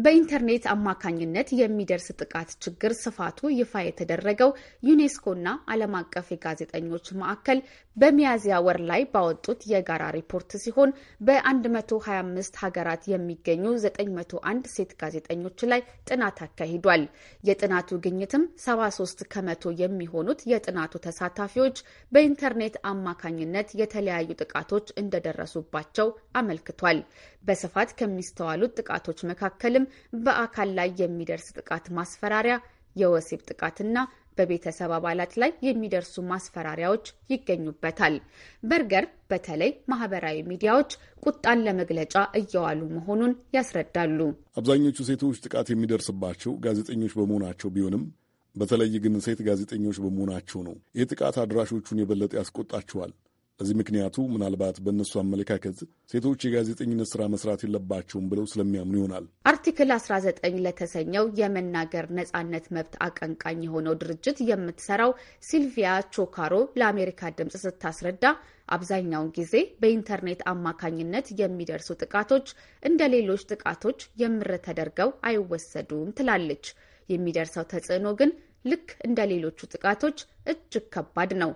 በኢንተርኔት አማካኝነት የሚደርስ ጥቃት ችግር ስፋቱ ይፋ የተደረገው ዩኔስኮና ዓለም አቀፍ የጋዜጠኞች ማዕከል በሚያዝያ ወር ላይ ባወጡት የጋራ ሪፖርት ሲሆን በ125 ሀገራት የሚገኙ 901 ሴት ጋዜጠኞች ላይ ጥናት አካሂዷል። የጥናቱ ግኝትም 73 ከመቶ የሚሆኑት የጥናቱ ተሳታፊዎች በኢንተርኔት አማካኝነት የተለያዩ ጥቃቶች እንደደረሱባቸው አመልክቷል። በስፋት ከሚስተዋሉት ጥቃቶች መካከል መካከልም በአካል ላይ የሚደርስ ጥቃት ማስፈራሪያ፣ የወሲብ ጥቃትና በቤተሰብ አባላት ላይ የሚደርሱ ማስፈራሪያዎች ይገኙበታል። በርገር በተለይ ማህበራዊ ሚዲያዎች ቁጣን ለመግለጫ እየዋሉ መሆኑን ያስረዳሉ። አብዛኞቹ ሴቶች ጥቃት የሚደርስባቸው ጋዜጠኞች በመሆናቸው ቢሆንም በተለይ ግን ሴት ጋዜጠኞች በመሆናቸው ነው። ይህ ጥቃት አድራሾቹን የበለጠ ያስቆጣቸዋል። ለዚህ ምክንያቱ ምናልባት በእነሱ አመለካከት ሴቶች የጋዜጠኝነት ስራ መስራት የለባቸውም ብለው ስለሚያምኑ ይሆናል። አርቲክል 19 ለተሰኘው የመናገር ነጻነት መብት አቀንቃኝ የሆነው ድርጅት የምትሰራው ሲልቪያ ቾካሮ ለአሜሪካ ድምፅ ስታስረዳ አብዛኛውን ጊዜ በኢንተርኔት አማካኝነት የሚደርሱ ጥቃቶች እንደ ሌሎች ጥቃቶች የምር ተደርገው አይወሰዱም ትላለች። የሚደርሰው ተጽዕኖ ግን ልክ እንደ ሌሎቹ ጥቃቶች እጅግ ከባድ ነው።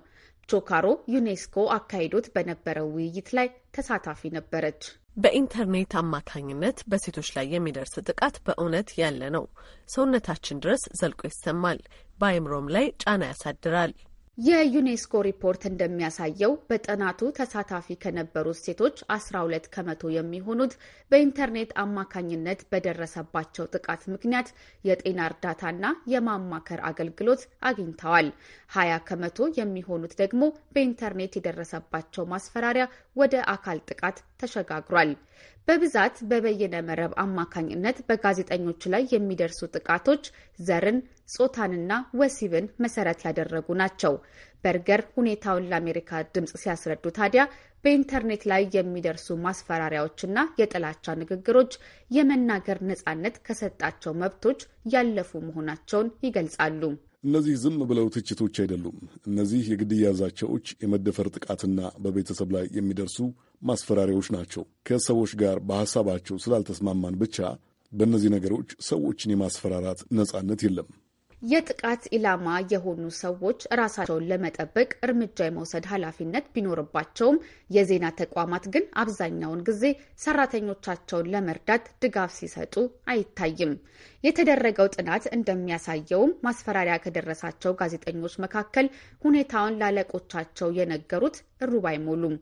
ቾካሮ ዩኔስኮ አካሂዶት በነበረው ውይይት ላይ ተሳታፊ ነበረች። በኢንተርኔት አማካኝነት በሴቶች ላይ የሚደርስ ጥቃት በእውነት ያለ ነው። ሰውነታችን ድረስ ዘልቆ ይሰማል፣ በአይምሮም ላይ ጫና ያሳድራል። የዩኔስኮ ሪፖርት እንደሚያሳየው በጥናቱ ተሳታፊ ከነበሩት ሴቶች 12 ከመቶ የሚሆኑት በኢንተርኔት አማካኝነት በደረሰባቸው ጥቃት ምክንያት የጤና እርዳታና የማማከር አገልግሎት አግኝተዋል። 20 ከመቶ የሚሆኑት ደግሞ በኢንተርኔት የደረሰባቸው ማስፈራሪያ ወደ አካል ጥቃት ተሸጋግሯል። በብዛት በበየነ መረብ አማካኝነት በጋዜጠኞች ላይ የሚደርሱ ጥቃቶች ዘርን፣ ጾታንና ወሲብን መሰረት ያደረጉ ናቸው። በርገር ሁኔታውን ለአሜሪካ ድምፅ ሲያስረዱ ታዲያ በኢንተርኔት ላይ የሚደርሱ ማስፈራሪያዎችና የጥላቻ ንግግሮች የመናገር ነጻነት ከሰጣቸው መብቶች ያለፉ መሆናቸውን ይገልጻሉ። እነዚህ ዝም ብለው ትችቶች አይደሉም። እነዚህ የግድያ ዛቻዎች፣ የመደፈር ጥቃትና በቤተሰብ ላይ የሚደርሱ ማስፈራሪያዎች ናቸው። ከሰዎች ጋር በሐሳባቸው ስላልተስማማን ብቻ በእነዚህ ነገሮች ሰዎችን የማስፈራራት ነጻነት የለም። የጥቃት ኢላማ የሆኑ ሰዎች ራሳቸውን ለመጠበቅ እርምጃ የመውሰድ ኃላፊነት ቢኖርባቸውም የዜና ተቋማት ግን አብዛኛውን ጊዜ ሰራተኞቻቸውን ለመርዳት ድጋፍ ሲሰጡ አይታይም። የተደረገው ጥናት እንደሚያሳየውም ማስፈራሪያ ከደረሳቸው ጋዜጠኞች መካከል ሁኔታውን ላለቆቻቸው የነገሩት ሩብ አይሞሉም።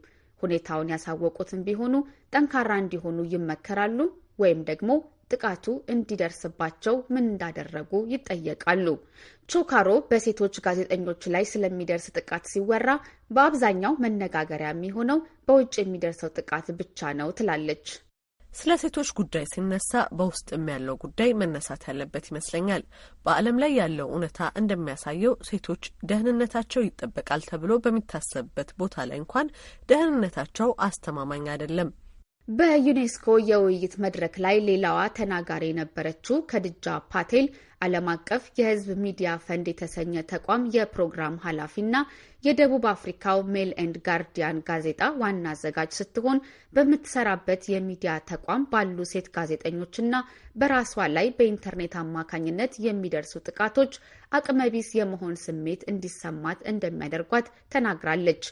ሁኔታውን ያሳወቁትም ቢሆኑ ጠንካራ እንዲሆኑ ይመከራሉ ወይም ደግሞ ጥቃቱ እንዲደርስባቸው ምን እንዳደረጉ ይጠየቃሉ። ቾካሮ በሴቶች ጋዜጠኞች ላይ ስለሚደርስ ጥቃት ሲወራ በአብዛኛው መነጋገሪያ የሚሆነው በውጭ የሚደርሰው ጥቃት ብቻ ነው ትላለች። ስለ ሴቶች ጉዳይ ሲነሳ በውስጥም ያለው ጉዳይ መነሳት ያለበት ይመስለኛል። በዓለም ላይ ያለው እውነታ እንደሚያሳየው ሴቶች ደህንነታቸው ይጠበቃል ተብሎ በሚታሰብበት ቦታ ላይ እንኳን ደህንነታቸው አስተማማኝ አይደለም። በዩኔስኮ የውይይት መድረክ ላይ ሌላዋ ተናጋሪ የነበረችው ከድጃ ፓቴል ዓለም አቀፍ የሕዝብ ሚዲያ ፈንድ የተሰኘ ተቋም የፕሮግራም ኃላፊና የደቡብ አፍሪካው ሜል ኤንድ ጋርዲያን ጋዜጣ ዋና አዘጋጅ ስትሆን በምትሰራበት የሚዲያ ተቋም ባሉ ሴት ጋዜጠኞችና በራሷ ላይ በኢንተርኔት አማካኝነት የሚደርሱ ጥቃቶች አቅመቢስ የመሆን ስሜት እንዲሰማት እንደሚያደርጓት ተናግራለች።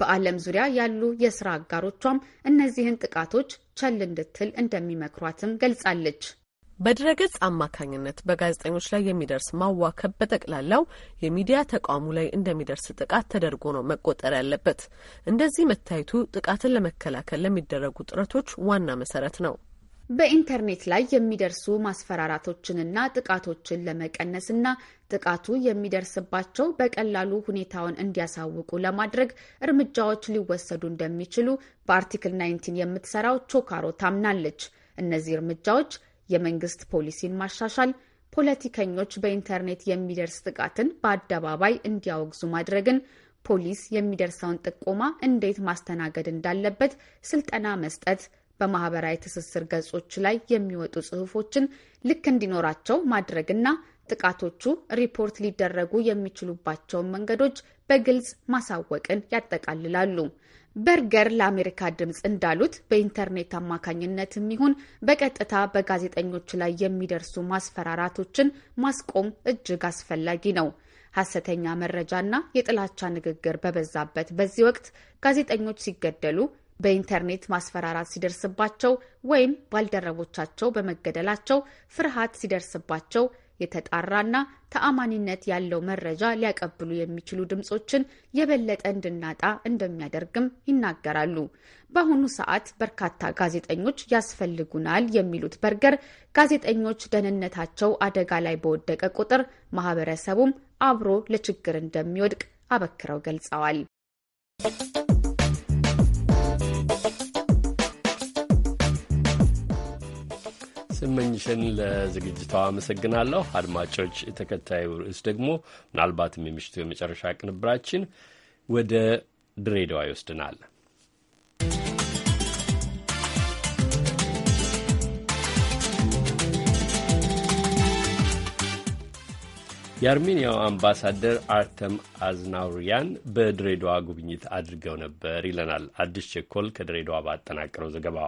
በዓለም ዙሪያ ያሉ የስራ አጋሮቿም እነዚህን ጥቃቶች ቸል እንድትል እንደሚመክሯትም ገልጻለች። በድረገጽ አማካኝነት በጋዜጠኞች ላይ የሚደርስ ማዋከብ በጠቅላላው የሚዲያ ተቋሙ ላይ እንደሚደርስ ጥቃት ተደርጎ ነው መቆጠር ያለበት። እንደዚህ መታየቱ ጥቃትን ለመከላከል ለሚደረጉ ጥረቶች ዋና መሰረት ነው። በኢንተርኔት ላይ የሚደርሱ ማስፈራራቶችንና ጥቃቶችን ለመቀነስና ጥቃቱ የሚደርስባቸው በቀላሉ ሁኔታውን እንዲያሳውቁ ለማድረግ እርምጃዎች ሊወሰዱ እንደሚችሉ በአርቲክል 19 የምትሰራው ቾካሮ ታምናለች። እነዚህ እርምጃዎች የመንግስት ፖሊሲን ማሻሻል፣ ፖለቲከኞች በኢንተርኔት የሚደርስ ጥቃትን በአደባባይ እንዲያወግዙ ማድረግን ፖሊስ የሚደርሰውን ጥቆማ እንዴት ማስተናገድ እንዳለበት ስልጠና መስጠት፣ በማህበራዊ ትስስር ገጾች ላይ የሚወጡ ጽሁፎችን ልክ እንዲኖራቸው ማድረግና ጥቃቶቹ ሪፖርት ሊደረጉ የሚችሉባቸውን መንገዶች በግልጽ ማሳወቅን ያጠቃልላሉ። በርገር ለአሜሪካ ድምፅ እንዳሉት በኢንተርኔት አማካኝነት ይሁን በቀጥታ በጋዜጠኞች ላይ የሚደርሱ ማስፈራራቶችን ማስቆም እጅግ አስፈላጊ ነው። ሐሰተኛ መረጃና የጥላቻ ንግግር በበዛበት በዚህ ወቅት ጋዜጠኞች ሲገደሉ በኢንተርኔት ማስፈራራት ሲደርስባቸው ወይም ባልደረቦቻቸው በመገደላቸው ፍርሃት ሲደርስባቸው የተጣራና ተአማኒነት ያለው መረጃ ሊያቀብሉ የሚችሉ ድምፆችን የበለጠ እንድናጣ እንደሚያደርግም ይናገራሉ። በአሁኑ ሰዓት በርካታ ጋዜጠኞች ያስፈልጉናል የሚሉት በርገር ጋዜጠኞች ደህንነታቸው አደጋ ላይ በወደቀ ቁጥር ማህበረሰቡም አብሮ ለችግር እንደሚወድቅ አበክረው ገልጸዋል። ስመኝሽን ለዝግጅቷ አመሰግናለሁ። አድማጮች፣ ተከታዩ ርዕስ ደግሞ ምናልባትም የምሽቱ የመጨረሻ ቅንብራችን ወደ ድሬዳዋ ይወስድናል። የአርሜኒያው አምባሳደር አርተም አዝናውሪያን በድሬዳዋ ጉብኝት አድርገው ነበር ይለናል አዲስ ቸኮል ከድሬዳዋ ባጠናቀረው ዘገባ።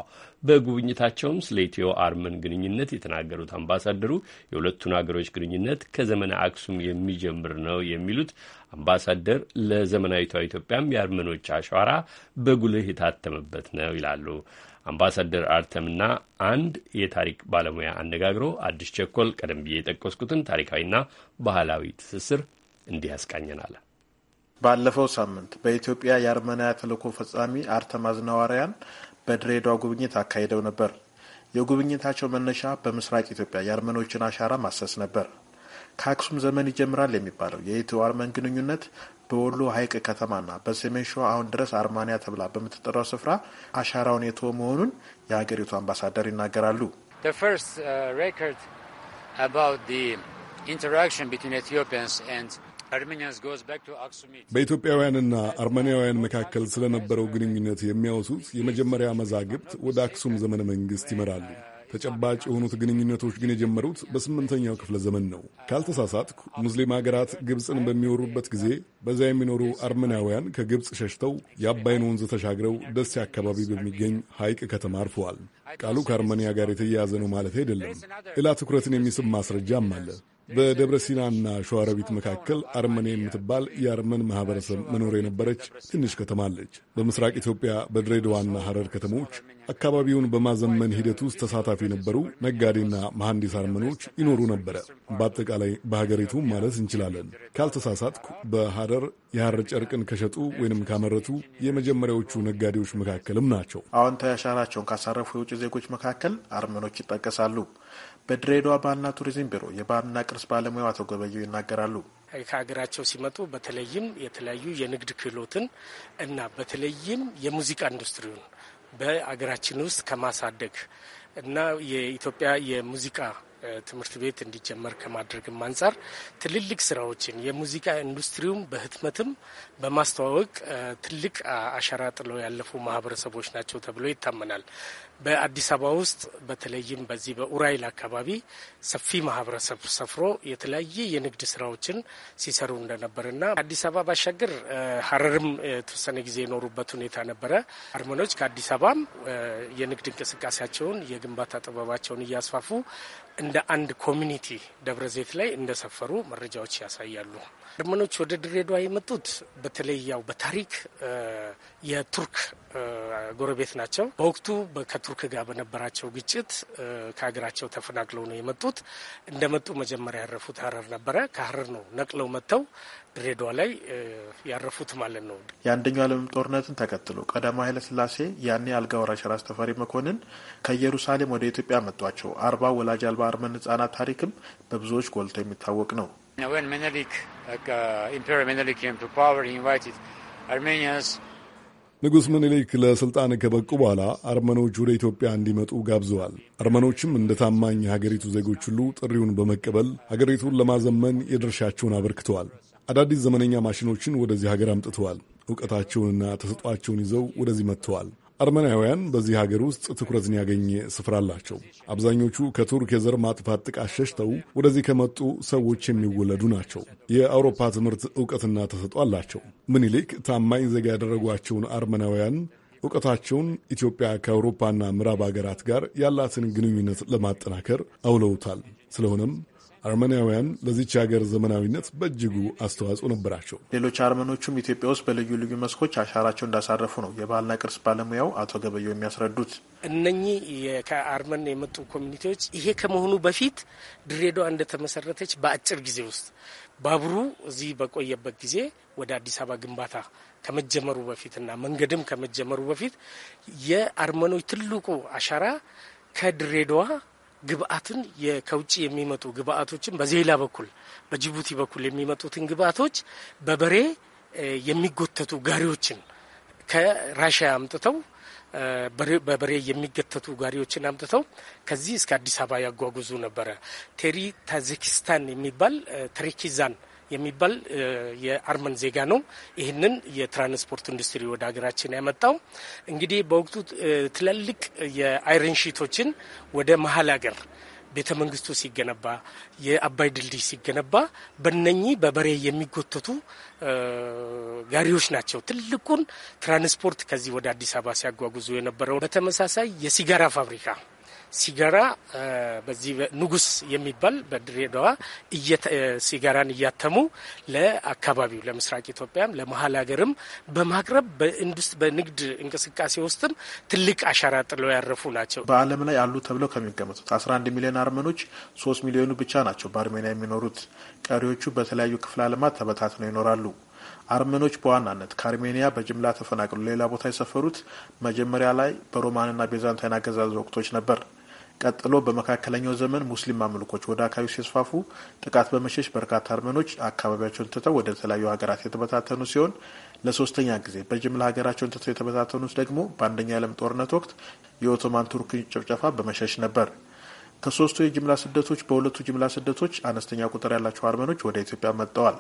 በጉብኝታቸውም ስለ ኢትዮ አርመን ግንኙነት የተናገሩት አምባሳደሩ የሁለቱን አገሮች ግንኙነት ከዘመነ አክሱም የሚጀምር ነው የሚሉት አምባሳደር ለዘመናዊቷ ኢትዮጵያም የአርመኖች አሻራ በጉልህ የታተመበት ነው ይላሉ። አምባሳደር አርተምና አንድ የታሪክ ባለሙያ አነጋግሮ አዲስ ቸኮል ቀደም ብዬ የጠቀስኩትን ታሪካዊና ባህላዊ ትስስር እንዲህ ያስቃኘናል። ባለፈው ሳምንት በኢትዮጵያ የአርመንያ ተልዕኮ ፈጻሚ አርተም አዝናዋሪያን በድሬዳዋ ጉብኝት አካሂደው ነበር። የጉብኝታቸው መነሻ በምስራቅ ኢትዮጵያ የአርመኖችን አሻራ ማሰስ ነበር። ከአክሱም ዘመን ይጀምራል የሚባለው የኢትዮ አርመን ግንኙነት በወሎ ሀይቅ ከተማና በሰሜን ሸዋ አሁን ድረስ አርማንያ ተብላ በምትጠራው ስፍራ አሻራውን የቶ መሆኑን የሀገሪቱ አምባሳደር ይናገራሉ። uh, በኢትዮጵያውያንና አርመኒያውያን መካከል ስለነበረው ግንኙነት የሚያወሱት የመጀመሪያ መዛግብት ወደ አክሱም ዘመነ መንግስት ይመራሉ። ተጨባጭ የሆኑት ግንኙነቶች ግን የጀመሩት በስምንተኛው ክፍለ ዘመን ነው። ካልተሳሳትኩ ሙስሊም ሀገራት ግብፅን በሚወሩበት ጊዜ በዚያ የሚኖሩ አርመናውያን ከግብፅ ሸሽተው የአባይን ወንዝ ተሻግረው ደሴ አካባቢ በሚገኝ ሐይቅ ከተማ አርፈዋል። ቃሉ ከአርመኒያ ጋር የተያያዘ ነው ማለት አይደለም። ሌላ ትኩረትን የሚስብ ማስረጃም አለ። በደብረ ሲናና መካከል አርመኔ የምትባል የአርመን ማህበረሰብ መኖር የነበረች ትንሽ ከተማለች። በምስራቅ ኢትዮጵያ በድሬዳዋና ሐረር ከተሞች አካባቢውን በማዘመን ሂደት ውስጥ ተሳታፊ የነበሩ ነጋዴና መሐንዲስ አርመኖች ይኖሩ ነበረ። በአጠቃላይ በሀገሪቱ ማለት እንችላለን። ካልተሳሳትኩ በሐረር የሐር ጨርቅን ከሸጡ ወይንም ካመረቱ የመጀመሪያዎቹ ነጋዴዎች መካከልም ናቸው። አዎንታዊ አሻራቸውን ካሳረፉ የውጭ ዜጎች መካከል አርመኖች ይጠቀሳሉ። በድሬዳዋ ባህልና ቱሪዝም ቢሮ የባህልና ቅርስ ባለሙያው አቶ ገበየው ይናገራሉ። ከሀገራቸው ሲመጡ በተለይም የተለያዩ የንግድ ክህሎትን እና በተለይም የሙዚቃ ኢንዱስትሪውን በሀገራችን ውስጥ ከማሳደግ እና የኢትዮጵያ የሙዚቃ ትምህርት ቤት እንዲጀመር ከማድረግም አንጻር ትልልቅ ስራዎችን የሙዚቃ ኢንዱስትሪውም በህትመትም በማስተዋወቅ ትልቅ አሻራ ጥለው ያለፉ ማህበረሰቦች ናቸው ተብሎ ይታመናል። በአዲስ አበባ ውስጥ በተለይም በዚህ በኡራይል አካባቢ ሰፊ ማህበረሰብ ሰፍሮ የተለያየ የንግድ ስራዎችን ሲሰሩ እንደነበርና አዲስ አበባ ባሻገር ሀረርም የተወሰነ ጊዜ የኖሩበት ሁኔታ ነበረ። አርመኖች ከአዲስ አበባም የንግድ እንቅስቃሴያቸውን የግንባታ ጥበባቸውን እያስፋፉ እንደ አንድ ኮሚኒቲ ደብረ ዘይት ላይ እንደሰፈሩ መረጃዎች ያሳያሉ። አርመኖች ወደ ድሬዳዋ የመጡት በተለይ ያው በታሪክ የቱርክ ጎረቤት ናቸው። በወቅቱ ከቱርክ ጋር በነበራቸው ግጭት ከሀገራቸው ተፈናቅለው ነው የመጡት። እንደመጡ መጀመሪያ ያረፉት ሀረር ነበረ። ከሀረር ነው ነቅለው መጥተው ድሬዳዋ ላይ ያረፉት ማለት ነው። የአንደኛው ዓለም ጦርነትን ተከትሎ ቀዳማዊ ኃይለሥላሴ ያኔ አልጋ ወራሽ ራስ ተፈሪ መኮንን ከኢየሩሳሌም ወደ ኢትዮጵያ መጧቸው። አርባ ወላጅ አልባ አርመን ህጻናት ታሪክም በብዙዎች ጎልቶ የሚታወቅ ነው። When Menelik, like, ኢንቫይትድ አርሜኒያስ ንጉሥ ምኒልክ ለሥልጣን ከበቁ በኋላ አርመኖች ወደ ኢትዮጵያ እንዲመጡ ጋብዘዋል። አርመኖችም እንደ ታማኝ የሀገሪቱ ዜጎች ሁሉ ጥሪውን በመቀበል ሀገሪቱን ለማዘመን የድርሻቸውን አበርክተዋል። አዳዲስ ዘመነኛ ማሽኖችን ወደዚህ ሀገር አምጥተዋል። እውቀታቸውንና ተሰጧቸውን ይዘው ወደዚህ መጥተዋል። አርመናውያን በዚህ ሀገር ውስጥ ትኩረትን ያገኘ ስፍራ አላቸው። አብዛኞቹ ከቱርክ የዘር ማጥፋት ጥቃት ሸሽተው ወደዚህ ከመጡ ሰዎች የሚወለዱ ናቸው። የአውሮፓ ትምህርት እውቀትና ተሰጥኦ አላቸው። ምኒልክ ታማኝ ዜጋ ያደረጓቸውን አርመናውያን እውቀታቸውን ኢትዮጵያ ከአውሮፓና ምዕራብ ሀገራት ጋር ያላትን ግንኙነት ለማጠናከር አውለውታል። ስለሆነም አርመናውያን ለዚች ሀገር ዘመናዊነት በእጅጉ አስተዋጽኦ ነበራቸው። ሌሎች አርመኖቹም ኢትዮጵያ ውስጥ በልዩ ልዩ መስኮች አሻራቸው እንዳሳረፉ ነው የባህልና ቅርስ ባለሙያው አቶ ገበየው የሚያስረዱት። እነኚህ ከአርመን የመጡ ኮሚኒቲዎች ይሄ ከመሆኑ በፊት ድሬዳዋ እንደተመሰረተች በአጭር ጊዜ ውስጥ ባቡሩ እዚህ በቆየበት ጊዜ ወደ አዲስ አበባ ግንባታ ከመጀመሩ በፊትና መንገድም ከመጀመሩ በፊት የአርመኖች ትልቁ አሻራ ከድሬዳዋ ግብአትን ከውጭ የሚመጡ ግብአቶችን በዜላ በኩል በጅቡቲ በኩል የሚመጡትን ግብአቶች በበሬ የሚጎተቱ ጋሪዎችን ከራሽያ አምጥተው በበሬ የሚገተቱ ጋሪዎችን አምጥተው ከዚህ እስከ አዲስ አበባ ያጓጉዙ ነበረ። ቴሪ ታዚኪስታን የሚባል ተሪኪዛን የሚባል የአርመን ዜጋ ነው። ይህንን የትራንስፖርት ኢንዱስትሪ ወደ ሀገራችን ያመጣው እንግዲህ በወቅቱ ትላልቅ የአይረን ሺቶችን ወደ መሀል ሀገር ቤተ መንግስቱ ሲገነባ የአባይ ድልድይ ሲገነባ በነኚህ በበሬ የሚጎተቱ ጋሪዎች ናቸው ትልቁን ትራንስፖርት ከዚህ ወደ አዲስ አበባ ሲያጓጉዙ የነበረው። በተመሳሳይ የሲጋራ ፋብሪካ ሲጋራ በዚህ ንጉስ የሚባል በድሬዳዋ ሲጋራን እያተሙ ለአካባቢው ለምስራቅ ኢትዮጵያም ለመሀል ሀገርም በማቅረብ በኢንዱስ በንግድ እንቅስቃሴ ውስጥም ትልቅ አሻራ ጥለው ያረፉ ናቸው። በዓለም ላይ አሉ ተብለው ከሚገመቱት 11 ሚሊዮን አርመኖች ሶስት ሚሊዮኑ ብቻ ናቸው በአርሜኒያ የሚኖሩት። ቀሪዎቹ በተለያዩ ክፍለ ዓለማት ተበታትነው ይኖራሉ። አርመኖች በዋናነት ከአርሜኒያ በጅምላ ተፈናቅሎ ሌላ ቦታ የሰፈሩት መጀመሪያ ላይ በሮማንና ቤዛንታይን አገዛዝ ወቅቶች ነበር። ቀጥሎ በመካከለኛው ዘመን ሙስሊም አምልኮች ወደ አካባቢ ሲስፋፉ ጥቃት በመሸሽ በርካታ አርመኖች አካባቢያቸውን ትተው ወደ ተለያዩ ሀገራት የተበታተኑ ሲሆን ለሶስተኛ ጊዜ በጅምላ ሀገራቸውን ትተው የተበታተኑት ደግሞ በአንደኛ የዓለም ጦርነት ወቅት የኦቶማን ቱርክ ጭፍጨፋ በመሸሽ ነበር። ከሶስቱ የጅምላ ስደቶች በሁለቱ ጅምላ ስደቶች አነስተኛ ቁጥር ያላቸው አርመኖች ወደ ኢትዮጵያ መጥተዋል።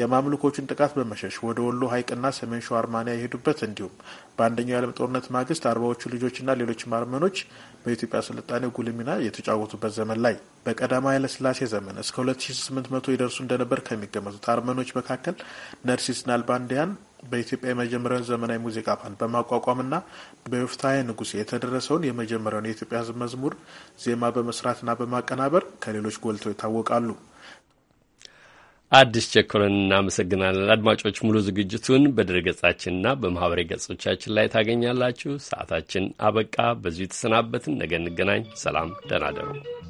የማምልኮቹን ጥቃት በመሸሽ ወደ ወሎ ሀይቅና ሰሜን ሸዋ አርማንያ የሄዱበት እንዲሁም በአንደኛው የዓለም ጦርነት ማግስት አርባዎቹ ልጆችና ሌሎችም አርመኖች በኢትዮጵያ ስልጣኔ ጉልህ ሚና የተጫወቱበት ዘመን ላይ በቀዳማዊ ኃይለሥላሴ ዘመን እስከ 2800 ይደርሱ እንደነበር ከሚገመቱት አርመኖች መካከል ነርሲስ ናልባንዲያን በኢትዮጵያ የመጀመሪያውን ዘመናዊ ሙዚቃ ባንድ በማቋቋምና በዮፍታሔ ንጉሴ የተደረሰውን የመጀመሪያውን የኢትዮጵያ ሕዝብ መዝሙር ዜማ በመስራትና በማቀናበር ከሌሎች ጎልተው ይታወቃሉ። አዲስ ቸኮልን እናመሰግናለን። አድማጮች ሙሉ ዝግጅቱን ገጻችንና በማኅበሬ ገጾቻችን ላይ ታገኛላችሁ። ሰዓታችን አበቃ። በዚሁ የተሰናበትን። ነገ እንገናኝ። ሰላም፣ ደህና ደሩ።